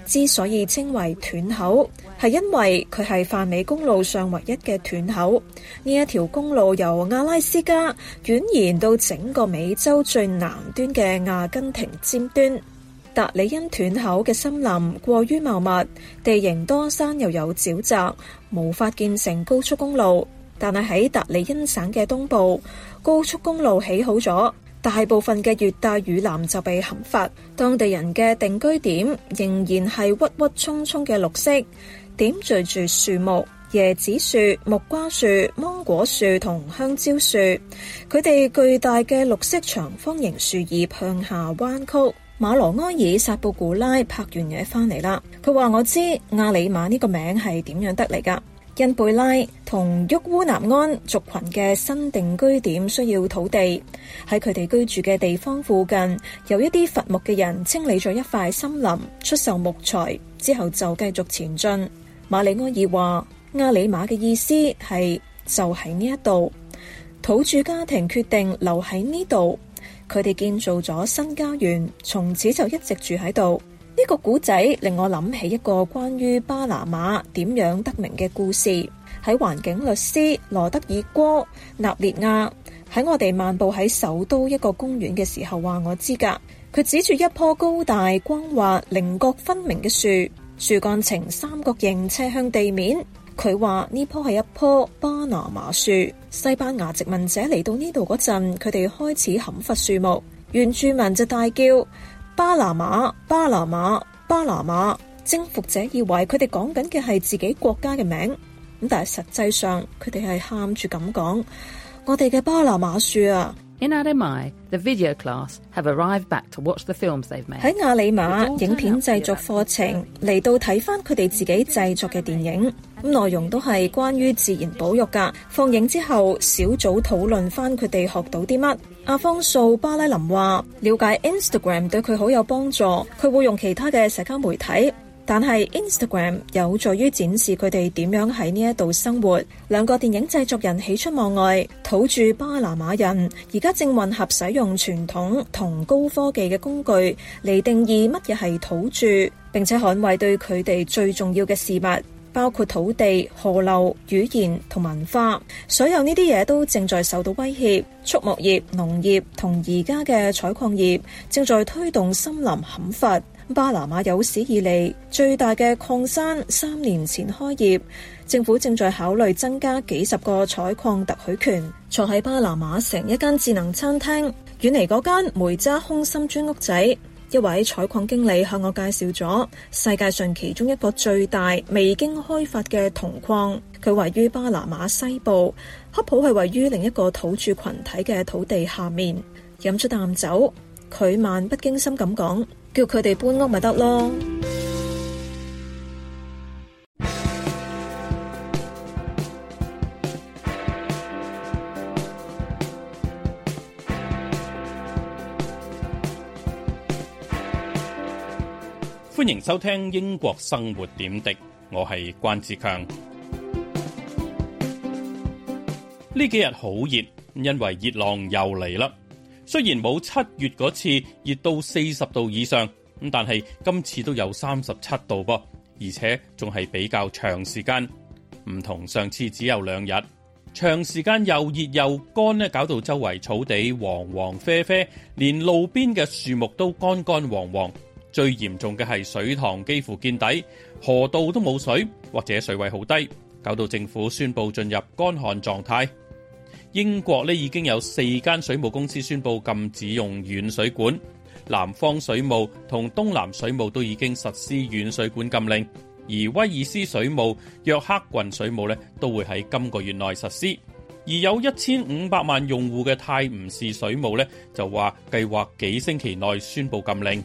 E: 之所以稱為斷口，係因為佢係泛美公路上唯一嘅斷口。呢一條公路由阿拉斯加蜿蜒到整個美洲最南端嘅阿根廷尖端。達里恩斷口嘅森林過於茂密，地形多山又有沼澤，無法建成高速公路。但係喺達里恩省嘅東部，高速公路起好咗。大部分嘅熱帶雨林就被砍伐，當地人嘅定居點仍然係鬱鬱蔥蔥嘅綠色，點綴住樹木、椰子樹、木瓜樹、芒果樹同香蕉樹。佢哋巨大嘅綠色長方形樹葉向下彎曲。馬羅埃爾薩布古拉拍完嘢翻嚟啦，佢話我知阿里瑪呢個名係點樣得嚟噶。因貝拉同郁烏納安族群嘅新定居點需要土地，喺佢哋居住嘅地方附近，有一啲伐木嘅人清理咗一塊森林，出售木材之後就繼續前進。馬里埃爾話，阿里馬嘅意思係就喺呢一度，土著家庭決定留喺呢度，佢哋建造咗新家園，從此就一直住喺度。呢個古仔令我諗起一個關於巴拿馬點樣得名嘅故事。喺環境律師羅德爾哥納列亞喺我哋漫步喺首都一個公園嘅時候話我知噶，佢指住一棵高大光滑、棱角分明嘅樹，樹幹呈三角形斜向地面。佢話呢棵係一棵巴拿馬樹。西班牙殖民者嚟到呢度嗰陣，佢哋開始砍伐樹木，原住民就大叫。巴拿馬，巴拿馬，巴拿馬，徵服者以為佢哋講緊嘅係自己國家嘅名，咁但係實際上佢哋係喊住咁講，我哋嘅巴拿馬
F: 樹啊！喺
E: 阿里馬影片製作課程嚟，到睇翻佢哋自己製作嘅電影，咁內容都係關於自然保育噶。放映之後小組討論翻佢哋學到啲乜。阿方素巴拉林話：了解 Instagram 對佢好有幫助，佢會用其他嘅社交媒體，但係 Instagram 有助於展示佢哋點樣喺呢一度生活。兩個電影製作人喜出望外，土著巴拿馬人而家正混合使用傳統同高科技嘅工具嚟定義乜嘢係土著，並且捍衛對佢哋最重要嘅事物。包括土地、河流、語言同文化，所有呢啲嘢都正在受到威脅。畜牧業、農業同而家嘅採礦業正在推動森林砍伐。巴拿馬有史以嚟最大嘅礦山三年前開業，政府正在考慮增加幾十個採礦特許權。坐喺巴拿馬城一間智能餐廳，遠離嗰間梅渣空心磚屋仔。一位採礦經理向我介紹咗世界上其中一個最大未經開發嘅銅礦，佢位於巴拿馬西部。黑普係位於另一個土著群體嘅土地下面。飲咗啖酒，佢漫不經心咁講，叫佢哋搬屋咪得咯。
A: 歡迎收聽英國生活點滴，我係關志強。呢幾日好熱，因為熱浪又嚟啦。雖然冇七月嗰次熱到四十度以上，咁但係今次都有三十七度噃，而且仲係比較長時間，唔同上次只有兩日。長時間又熱又乾咧，搞到周圍草地黃黃啡啡，連路邊嘅樹木都乾乾黃黃。最嚴重嘅係水塘幾乎見底，河道都冇水或者水位好低，搞到政府宣布進入乾旱狀態。英國呢已經有四間水務公司宣布禁止用軟水管，南方水務同東南水務都已經實施軟水管禁令，而威爾斯水務、約克郡水務呢都會喺今個月內實施。而有一千五百萬用戶嘅泰晤士水務呢就話計劃幾星期內宣布禁令。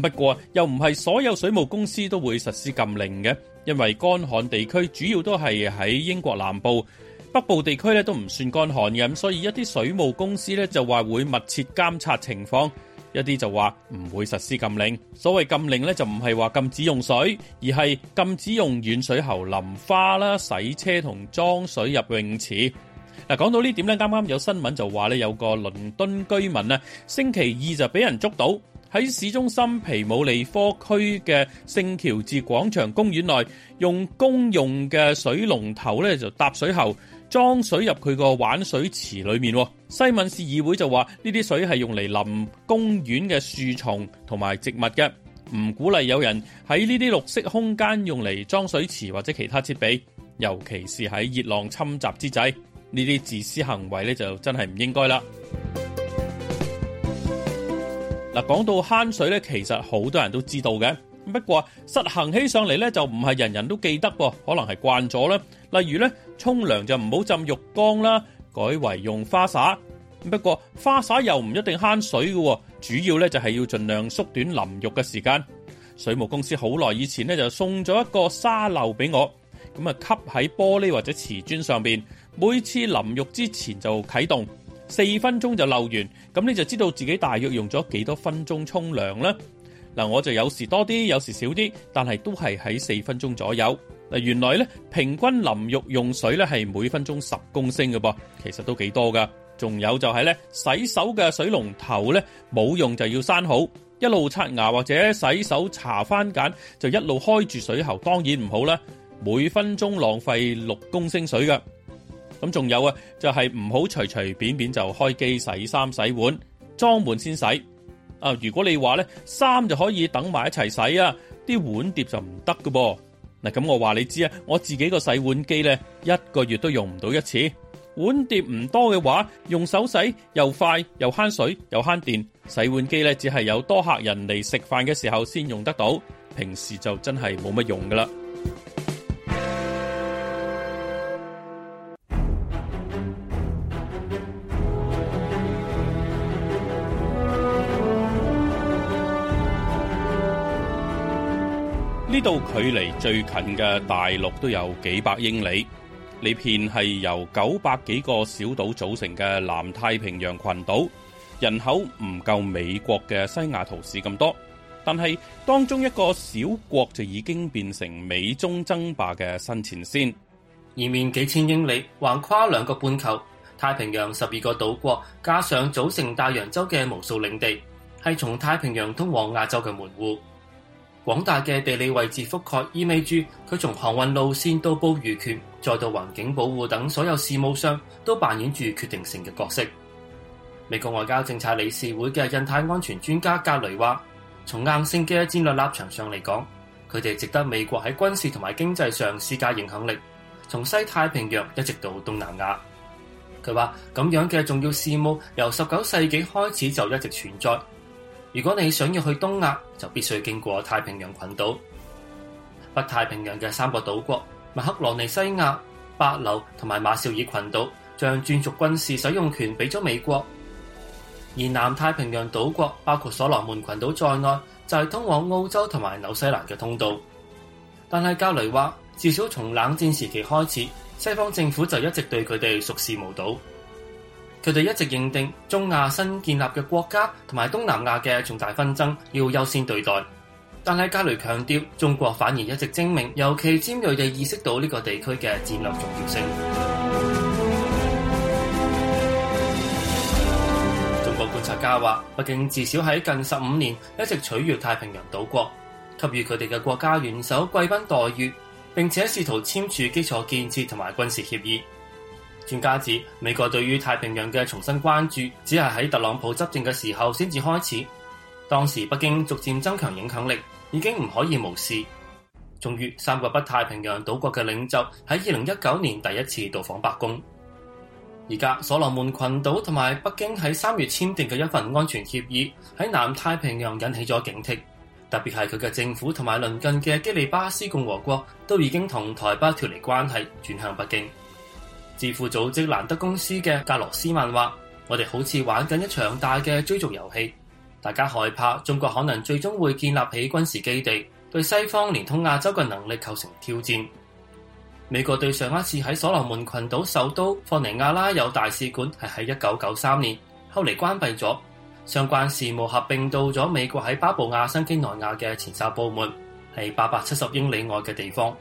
A: 不過，又不是所有水務公司都會實施禁令的，因為乾旱地區主要都是在英國南部，北部地區都不算乾旱嘅，所以一些水務公司就話會密切監察情況，一些就話唔會實施禁令。所謂禁令就不是話禁止用水，而是禁止用軟水喉淋花、洗車和裝水入泳池。講到這點呢，啱啱有新聞就說有個倫敦居民啊，星期二就被人捉到，喺市中心皮姆利科區嘅聖喬治廣場公園內，用公用嘅水龍頭咧就搭水喉裝水入佢個玩水池裏面。西敏市議會就話：呢啲水係用嚟淋公園嘅樹叢同埋植物嘅，唔鼓勵有人喺呢啲綠色空間用嚟裝水池或者其他設備，尤其是喺熱浪侵襲之際，呢啲自私行為咧就真係唔應該啦。嗱，講到慳水咧，其實好多人都知道嘅。不過實行起上嚟咧，就唔係人人都記得噃，可能係慣咗啦。例如咧，沖涼就唔好浸浴缸啦，改為用花灑。不過花灑又唔一定慳水嘅，主要咧就係要盡量縮短淋浴嘅時間。水務公司好耐以前咧就送咗一個沙漏俾我，咁啊吸喺玻璃或者瓷磚上邊，每次淋浴之前就啟動。四分鐘就漏完，咁你就知道自己大約用咗幾多分鐘沖涼啦。嗱，我就有時多啲，有時少啲，但係都係喺四分鐘左右。嗱，原來呢，平均淋浴用水呢，係每分鐘十公升嘅噃，其實都幾多噶。仲有就係呢，洗手嘅水龍頭呢，冇用就要閂好，一路刷牙或者洗手、搽番梘就一路開住水喉，當然唔好啦，每分鐘浪費六公升水㗎。咁仲有啊，就係唔好隨隨便便就開機洗衫、洗碗，裝滿先洗啊！如果你話呢，衫就可以等埋一齊洗啊，啲碗碟就唔得噶噃。嗱、啊、咁我話你知啊，我自己個洗碗機呢，一個月都用唔到一次，碗碟唔多嘅話，用手洗又快又慳水又慳電，洗碗機呢，只係有多客人嚟食飯嘅時候先用得到，平時就真係冇乜用噶啦。呢度距離最近嘅大陸都有幾百英里，呢片係由九百幾個小島組成嘅南太平洋群島，人口唔夠美國嘅西雅圖市咁多，但係當中一個小國就已經變成美中爭霸嘅新前
D: 線。綿延幾千英里，橫跨兩個半球，太平洋十二個島國加上組成大洋洲嘅無數領地，係從太平洋通往亞洲嘅門戶。廣大嘅地理位置覆蓋意味住佢從航運路線到捕魚權，再到環境保護等所有事務上，都扮演住決定性嘅角色。美國外交政策理事會嘅印太安全專家格雷話，從硬性嘅戰略立場上嚟講，佢哋值得美國喺軍事同埋經濟上施加影響力，從西太平洋一直到東南亞。佢話咁樣嘅重要事務由十九世紀開始就一直存在。如果你想要去東亞，就必須經過太平洋群島。北太平洋嘅三個島國——密克羅尼西亞、帛琉同埋馬紹爾群島，將專屬軍事使用權俾咗美國。而南太平洋島國包括所羅門群島在內，就係、是、通往澳洲同埋紐西蘭嘅通道。但係教雷話，至少從冷戰時期開始，西方政府就一直對佢哋熟視無睹。佢哋一直認定中亞新建立嘅國家同埋東南亞嘅重大紛爭要優先對待，但係加雷強調中國反而一直精明，尤其尖鋭地意識到呢個地區嘅戰略重要性。 中國觀察家話，畢竟至少喺近十五年一直取悦太平洋島國，給予佢哋嘅國家元首貴賓待遇，並且試圖簽署基礎建設同埋軍事協議。專家指，美國對於太平洋嘅重新關注，只係喺特朗普執政嘅時候先至開始。當時北京逐漸增強影響力，已經唔可以無視。終於，三個北太平洋島國嘅領袖喺二零一九年第一次到訪白宮。而家，所羅門群島同埋北京喺三月簽訂嘅一份安全協議，喺南太平洋引起咗警惕。特別係佢嘅政府同埋鄰近嘅基利巴斯共和國，都已經同台北脫離關係，轉向北京。自庫組織蘭德公司嘅格羅斯曼話：我哋好似玩緊一場大嘅追逐遊戲，大家害怕中國可能最終會建立起軍事基地，對西方連通亞洲嘅能力構成挑戰。美國對上一次喺所羅門群島首都霍尼亞拉有大使館係喺一九九三年，後嚟關閉咗，相關事務合併到咗美國喺巴布亞新畿內亞嘅前哨部門，係八百七十英里外嘅地方。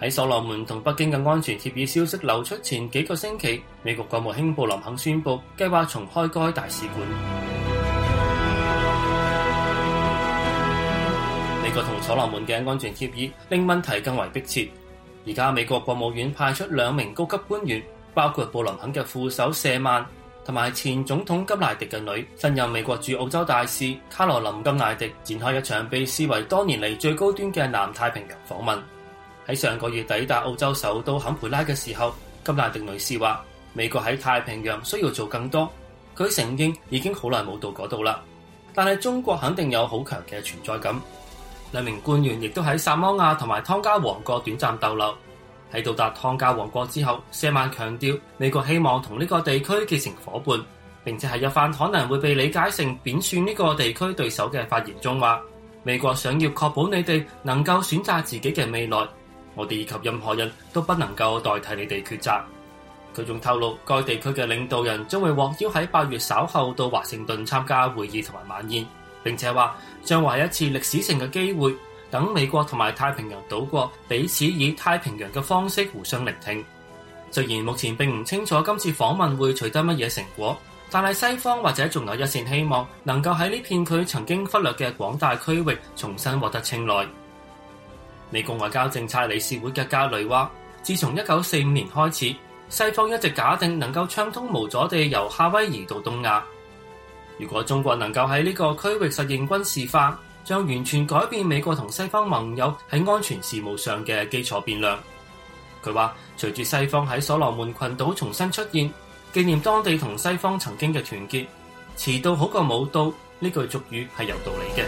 D: 喺所羅門同北京嘅安全協議消息流出前幾個星期，美國國務卿布林肯宣布計劃重開該大使館。美國同所羅門嘅安全協議令問題更為迫切。而家美國國務院派出兩名高級官員，包括布林肯嘅副手謝曼同埋前總統金奈迪嘅女，新任美國駐澳洲大使卡羅林·金奈迪，展開一場被視為多年嚟最高端嘅南太平洋訪問。喺上個月抵達澳洲首都坎培拉嘅時候，甘迺迪女士話：美國喺太平洋需要做更多。佢承認已經好耐冇到嗰度啦，但係中國肯定有好強嘅存在感。兩名官員亦都喺薩摩亞同埋湯加王國短暫逗留。喺到達湯加王國之後，謝曼強調美國希望同呢個地區結成伙伴。並且喺一番可能會被理解成貶損呢個地區對手嘅發言中話：美國想要確保你哋能夠選擇自己嘅未來。我哋以及任何人都不能夠代替你哋抉擇。佢仲透露，該地區嘅領導人將會獲邀喺八月稍後到華盛頓參加會議同埋晚宴，並且話將為一次歷史性嘅機會，等美國同埋太平洋島國彼此以太平洋嘅方式互相聆聽。雖然目前並唔清楚今次訪問會取得乜嘢成果，但係西方或者仲有一綫希望能夠喺呢片佢曾經忽略嘅廣大區域重新獲得青睞。美國外交政策理事會嘅加雷話，自從一九四五年開始，西方一直假定能夠暢通無阻地由夏威夷到東亞。如果中國能夠喺呢個區域實現軍事化，將完全改變美國同西方盟友喺安全事務上嘅基礎變量。佢話，隨住西方喺所羅門群島重新出現，紀念當地同西方曾經嘅團結，遲到好過冇到。呢句俗語係有道理嘅。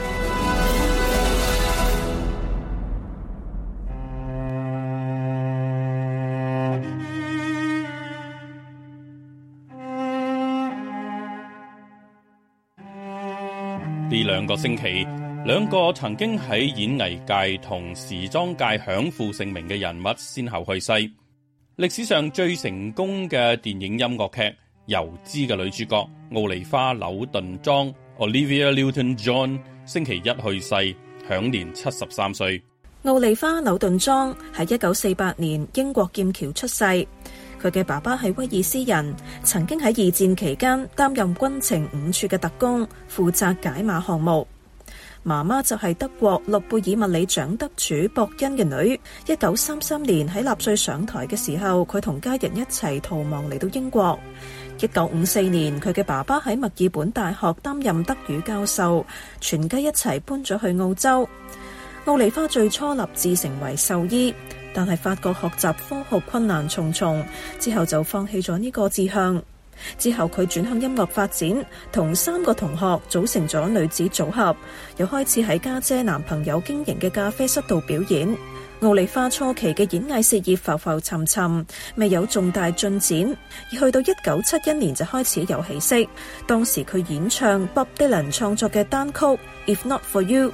A: 兩個星期，兩個曾經喺演藝界同時裝界享負盛名嘅人物先後去世。歷史上最成功嘅電影音樂劇《游資》嘅女主角奧利花紐頓莊 （Olivia l e w t o n j o h n 星期一去世，享年七十三歲。
E: 奧利花紐頓莊喺一九四八年英國劍橋出世。佢嘅爸爸係威爾斯人，曾經喺二戰期間擔任軍情五處嘅特工，負責解碼項目。媽媽就係德國諾貝爾物理獎得主博恩嘅女。一九三三年喺納粹上台嘅時候，佢同家人一齊逃亡嚟到英國。一九五四年，佢嘅爸爸喺墨爾本大學擔任德語教授，全家一齊搬咗去澳洲。奧利花最初立志成為獸醫。但係發覺學習科學困難重重，之後就放棄咗呢個志向。之後佢轉向音樂發展，同三個同學組成咗女子組合，又開始喺家姐男朋友經營嘅咖啡室度表演。奧利花初期嘅演藝事業浮浮沉沉，未有重大進展。而去到一九七一年就開始有起色，當時佢演唱 Bob Dylan 創作嘅單曲《If Not For You》。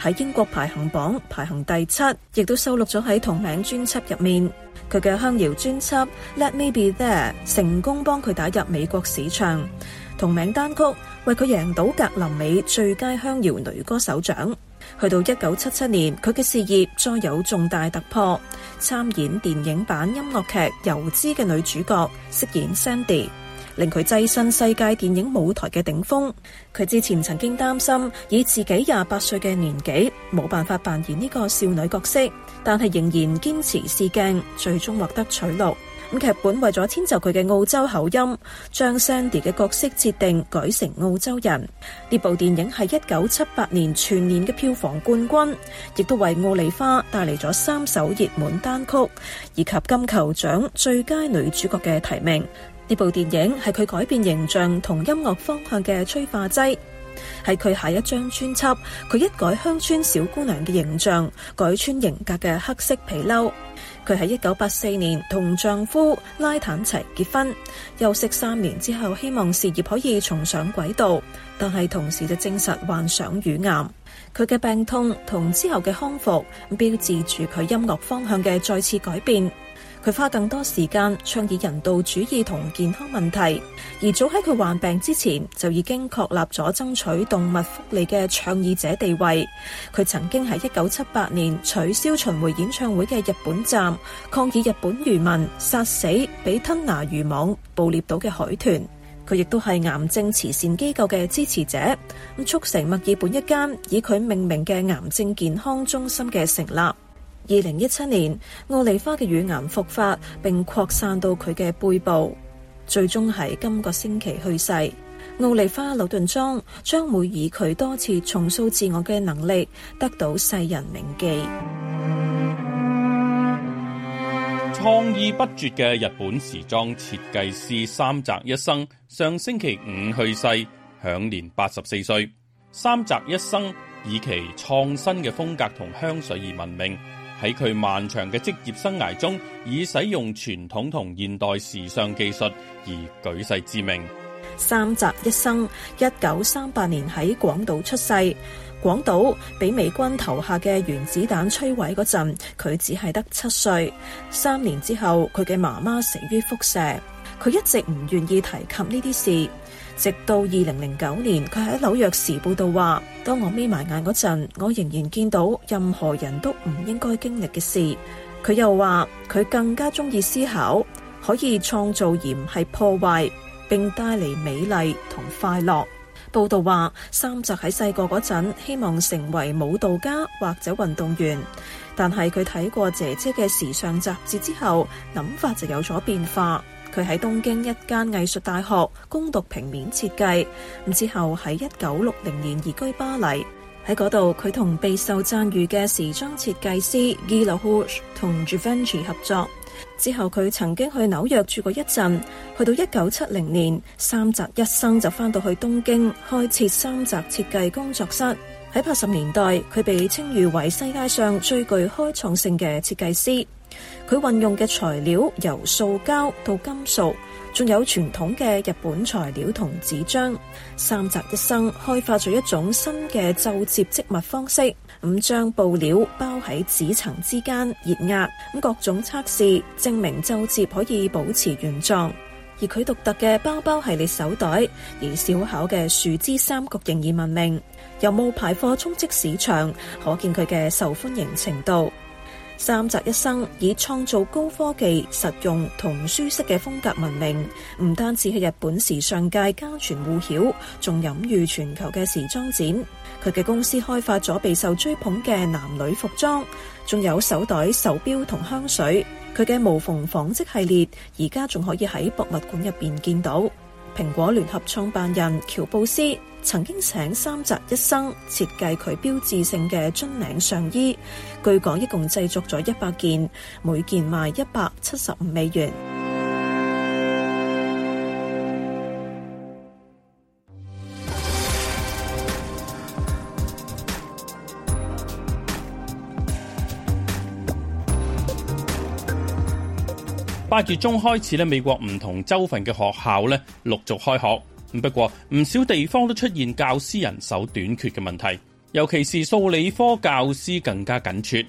E: 喺英國排行榜排行第七，亦都收錄咗喺同名專輯入面。佢嘅鄉謠專輯《Let Me Be There》成功幫佢打入美國市場，同名單曲為佢贏到格林美最佳鄉謠女歌手獎。去到一九七七年，佢嘅事業再有重大突破，參演電影版音樂劇《油脂》嘅女主角飾演 Sandy。令佢躋身世界電影舞台嘅頂峰。佢之前曾經擔心以自己廿八歲嘅年紀冇辦法扮演呢個少女角色，但係仍然堅持試鏡，最終獲得取錄。咁劇本為咗遷就佢嘅澳洲口音，將 Sandy 嘅角色設定改成澳洲人。呢部電影係一九七八年全年嘅票房冠軍，亦都為奧利花帶嚟咗三首熱門單曲，以及金球獎最佳女主角嘅提名。呢部電影係佢改變形象同音樂方向嘅催化劑係佢下一張專輯。佢一改鄉村小姑娘嘅形象，改穿型格嘅黑色皮褸。佢喺一九八四年同丈夫拉坦齊結婚，休息三年之後，希望事業可以重上軌道，但係同時就證實患上乳癌。佢嘅病痛同之後嘅康復，標誌住佢音樂方向嘅再次改變。佢花更多時間倡議人道主義同健康問題，而早喺佢患病之前，就已經確立咗爭取動物福利嘅倡議者地位。佢曾經喺一九七八年取消巡回演唱會嘅日本站，抗議日本漁民殺死俾吞拿魚網捕獵到嘅海豚。佢亦都係癌症慈善機構嘅支持者，促成墨爾本一間以佢命名嘅癌症健康中心嘅成立。二零一七年，奧利花嘅乳癌復發並擴散到佢嘅背部，最終喺今個星期去世。奧利花紐頓莊將會以佢多次重塑自我嘅能力得到世人銘記。
A: 創意不絕嘅日本時裝設計師三宅一生上星期五去世，享年八十四歲。三宅一生以其創新嘅風格同香水而聞名。喺佢漫長嘅職業生涯中，以使用傳統同現代時尚技術而舉世知名。
E: 三宅一生，一九三八年喺廣島出世。廣島俾美軍投下嘅原子彈摧毀嗰陣，佢只係得七歲，三年之後，佢嘅媽媽死於輻射。佢一直唔願意提及呢啲事，直到二零零九年，佢喺《紐約時報》報道話：當我眯埋眼嗰陣，我仍然見到任何人都唔應該經歷嘅事。佢又話佢更加中意思考，可以創造而唔係破壞，並帶嚟美麗同快樂。報道話，三宅喺細個嗰陣希望成為舞蹈家或者運動員，但係佢睇過姐姐嘅時尚雜誌之後，諗法就有咗變化。佢喺東京一間藝術大學攻讀平面設計，之後喺一九六零年移居巴黎，喺嗰度佢同備受讚譽嘅時裝設計師 Guy Laroche 同 Givenchy 合作。之後佢曾經去紐約住過一陣，去到一九七零年三宅一生就翻到去東京開設三宅設計工作室。喺八十年代，佢被稱譽為世界上最具開創性嘅設計師。佢運用嘅材料由塑膠到金屬，仲有傳統嘅日本材料同紙張，三宅一生開發咗一種新嘅皺折織物方式，咁將布料包喺紙層之間熱壓，各種測試證明皺折可以保持原狀。而佢獨特嘅包包系列手袋以小巧嘅樹枝三角形而聞名，有冒牌貨充斥市場，可見佢嘅受歡迎程度。三宅一生以創造高科技、實用同舒適嘅風格聞名，唔單止喺日本時尚界家傳戶曉，仲飲譽全球嘅時裝展。佢嘅公司開發咗備受追捧嘅男女服裝，仲有手袋、手錶同香水。佢嘅無縫紡織系列而家仲可以喺博物館入邊見到。蘋果聯合創辦人喬布斯，曾經請三宅一生設計佢標誌性嘅樽領上衣，據講一共製作咗一百件，每件賣一百七十五美元。
A: 八月中開始咧，美國唔同州份嘅學校咧陸續開學。不過唔少地方都出現教師人手短缺嘅問題，尤其是數理科教師更加緊缺。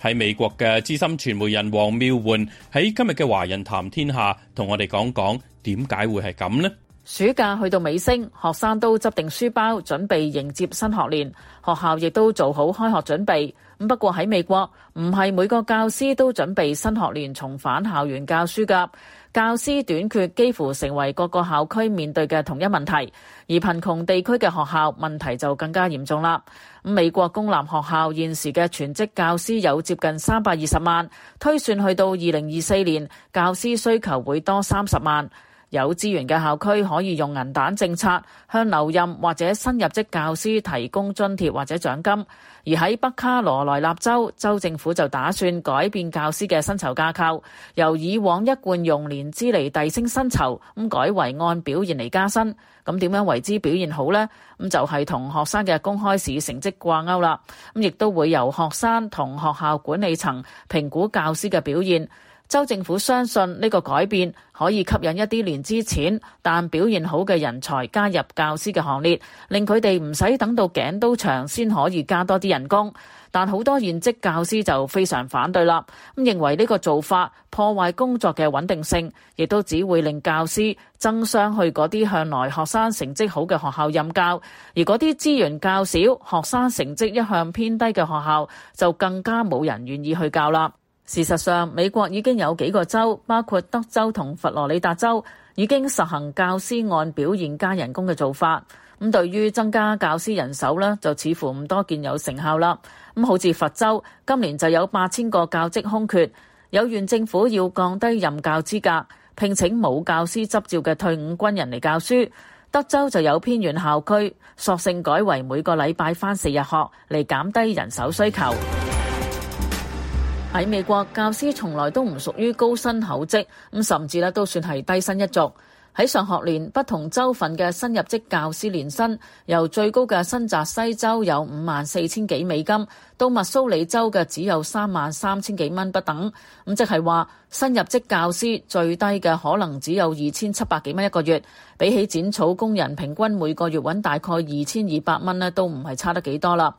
A: 喺美國嘅資深傳媒人王妙煥喺今日嘅《華人談天下》同我哋講講點解會係咁呢？暑
F: 假去到尾聲，學生都執定書包準備迎接新學年，學校亦都做好開學準備。不過喺美國，唔係每個教師都準備新學年重返校園教書噶。教師短缺幾乎成為各個校區面對嘅同一問題，而貧窮地區嘅學校問題就更加嚴重啦。美國公立學校現時嘅全職教師有接近三百二十萬，推算去到二零二四年，教師需求會多三十萬。有資源嘅校區可以用銀彈政策向留任或者新入職教師提供津貼或者獎金，而喺北卡羅來納州，州政府就打算改變教師嘅薪酬架構，由以往一貫用年資嚟遞升薪酬，咁改為按表現嚟加薪。咁點樣為之表現好呢？咁就係、是、同學生嘅公開試成績掛鈎啦。咁亦都會由學生同學校管理層評估教師嘅表現。州政府相信呢個改變可以吸引一啲年資淺，但表現好嘅人才加入教師嘅行列，令佢哋唔使等到頸都長先可以加多啲人工。但好多現職教師就非常反對啦，咁認為呢個做法破壞工作嘅穩定性，亦都只會令教師爭相去嗰啲向來學生成績好嘅學校任教，而嗰啲資源較少、學生成績一向偏低嘅學校就更加冇人願意去教啦。事實上，美國已經有幾個州，包括德州同佛羅里達州，已經實行教師按表現加人工嘅做法。咁對於增加教師人手呢就似乎唔多見有成效啦。咁好似佛州，今年就有八千個教職空缺，有縣政府要降低任教資格，聘請冇教師執照嘅退伍軍人嚟教書。德州就有偏遠校區，索性改為每個禮拜返四日學，嚟減低人手需求。喺美國，教師從來都唔屬於高薪厚職，咁甚至咧都算係低薪一族。喺上學年，不同州份嘅新入職教師年薪，由最高嘅新澤西州有五萬四千幾美金，到密蘇里州嘅只有三萬三千幾蚊不等。咁即係話，新入職教師最低嘅可能只有二千七百幾蚊一個月，比起剪草工人平均每個月搵大概二千二百蚊咧，都唔係差得幾多啦。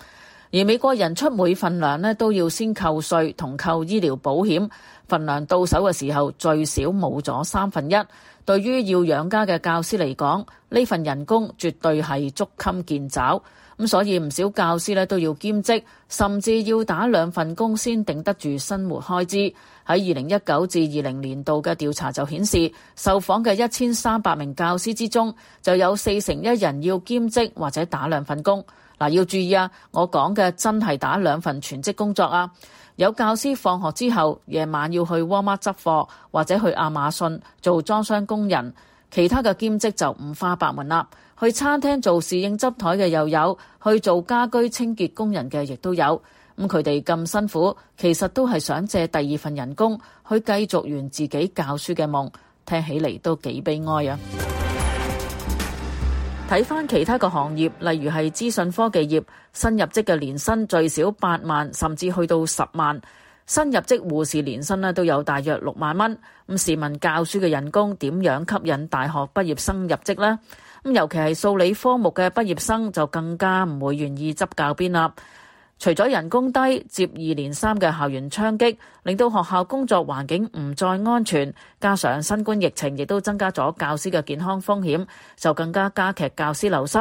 F: 而美國人出每份糧咧，都要先扣稅同扣醫療保險，份糧到手嘅時候最少冇咗三分一。對於要養家嘅教師嚟講，呢份人工絕對係捉襟見肘。咁所以唔少教師咧都要兼職，甚至要打兩份工先頂得住生活開支。喺二零一九至二零年度嘅調查就顯示，受訪嘅一千三百名教師之中，就有四成一人要兼職或者打兩份工。嗱，要注意啊！我講嘅真係打兩份全職工作啊！有教師放學之後夜晚要去沃爾瑪執貨，或者去亞馬遜做裝箱工人。其他嘅兼職就五花八門啦，去餐廳做侍應執台嘅又有，去做家居清潔工人嘅亦都有。咁佢哋咁辛苦，其實都係想借第二份人工去繼續完自己教書嘅夢，聽起嚟都幾悲哀啊！睇返其他嘅行業，例如係資訊科技業，新入職嘅年薪最少八萬，甚至去到十萬。新入職護士年薪呢都有大約六萬蚊。咁試問教書嘅人工點樣吸引大學畢業生入職呢？咁尤其係數理科目嘅畢業生就更加唔會願意執教鞭啦。除咗人工低，接二連三嘅校園槍擊，令到學校工作環境唔再安全，加上新冠疫情亦都增加咗教師嘅健康風險，就更加加劇教師流失。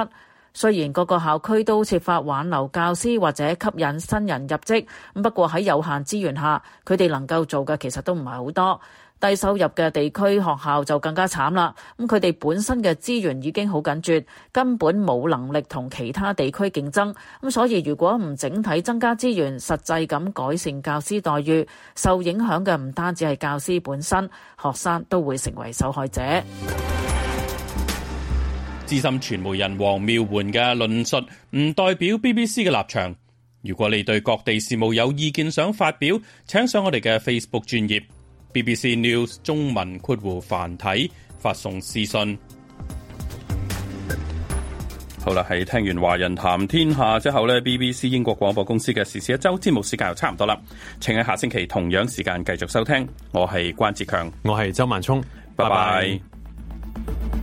F: 雖然各個校區都設法挽留教師或者吸引新人入職，不過喺有限資源下，佢哋能夠做嘅其實都唔係好多。低收入嘅地區學校就更加慘啦，咁佢哋本身嘅資源已經好緊絀，根本冇能力同其他地區競爭。咁所以如果唔整體增加資源，實際咁改善教師待遇，受影響嘅唔單止係教師本身，學生都會成為受害者。
A: 資深傳媒人黃妙煥嘅論述唔代表 BBC 嘅立場。如果你對各地事務有意見想發表，請上我哋嘅 Facebook 專頁。BBC News 中文括弧繁體發送私信。好啦，喺聽完華人談天下之後呢 b b c 英國廣播公司嘅時事一周節目時間又差唔多啦，請喺下星期同樣時間繼續收聽。我係關智強，我係周萬聰，拜拜。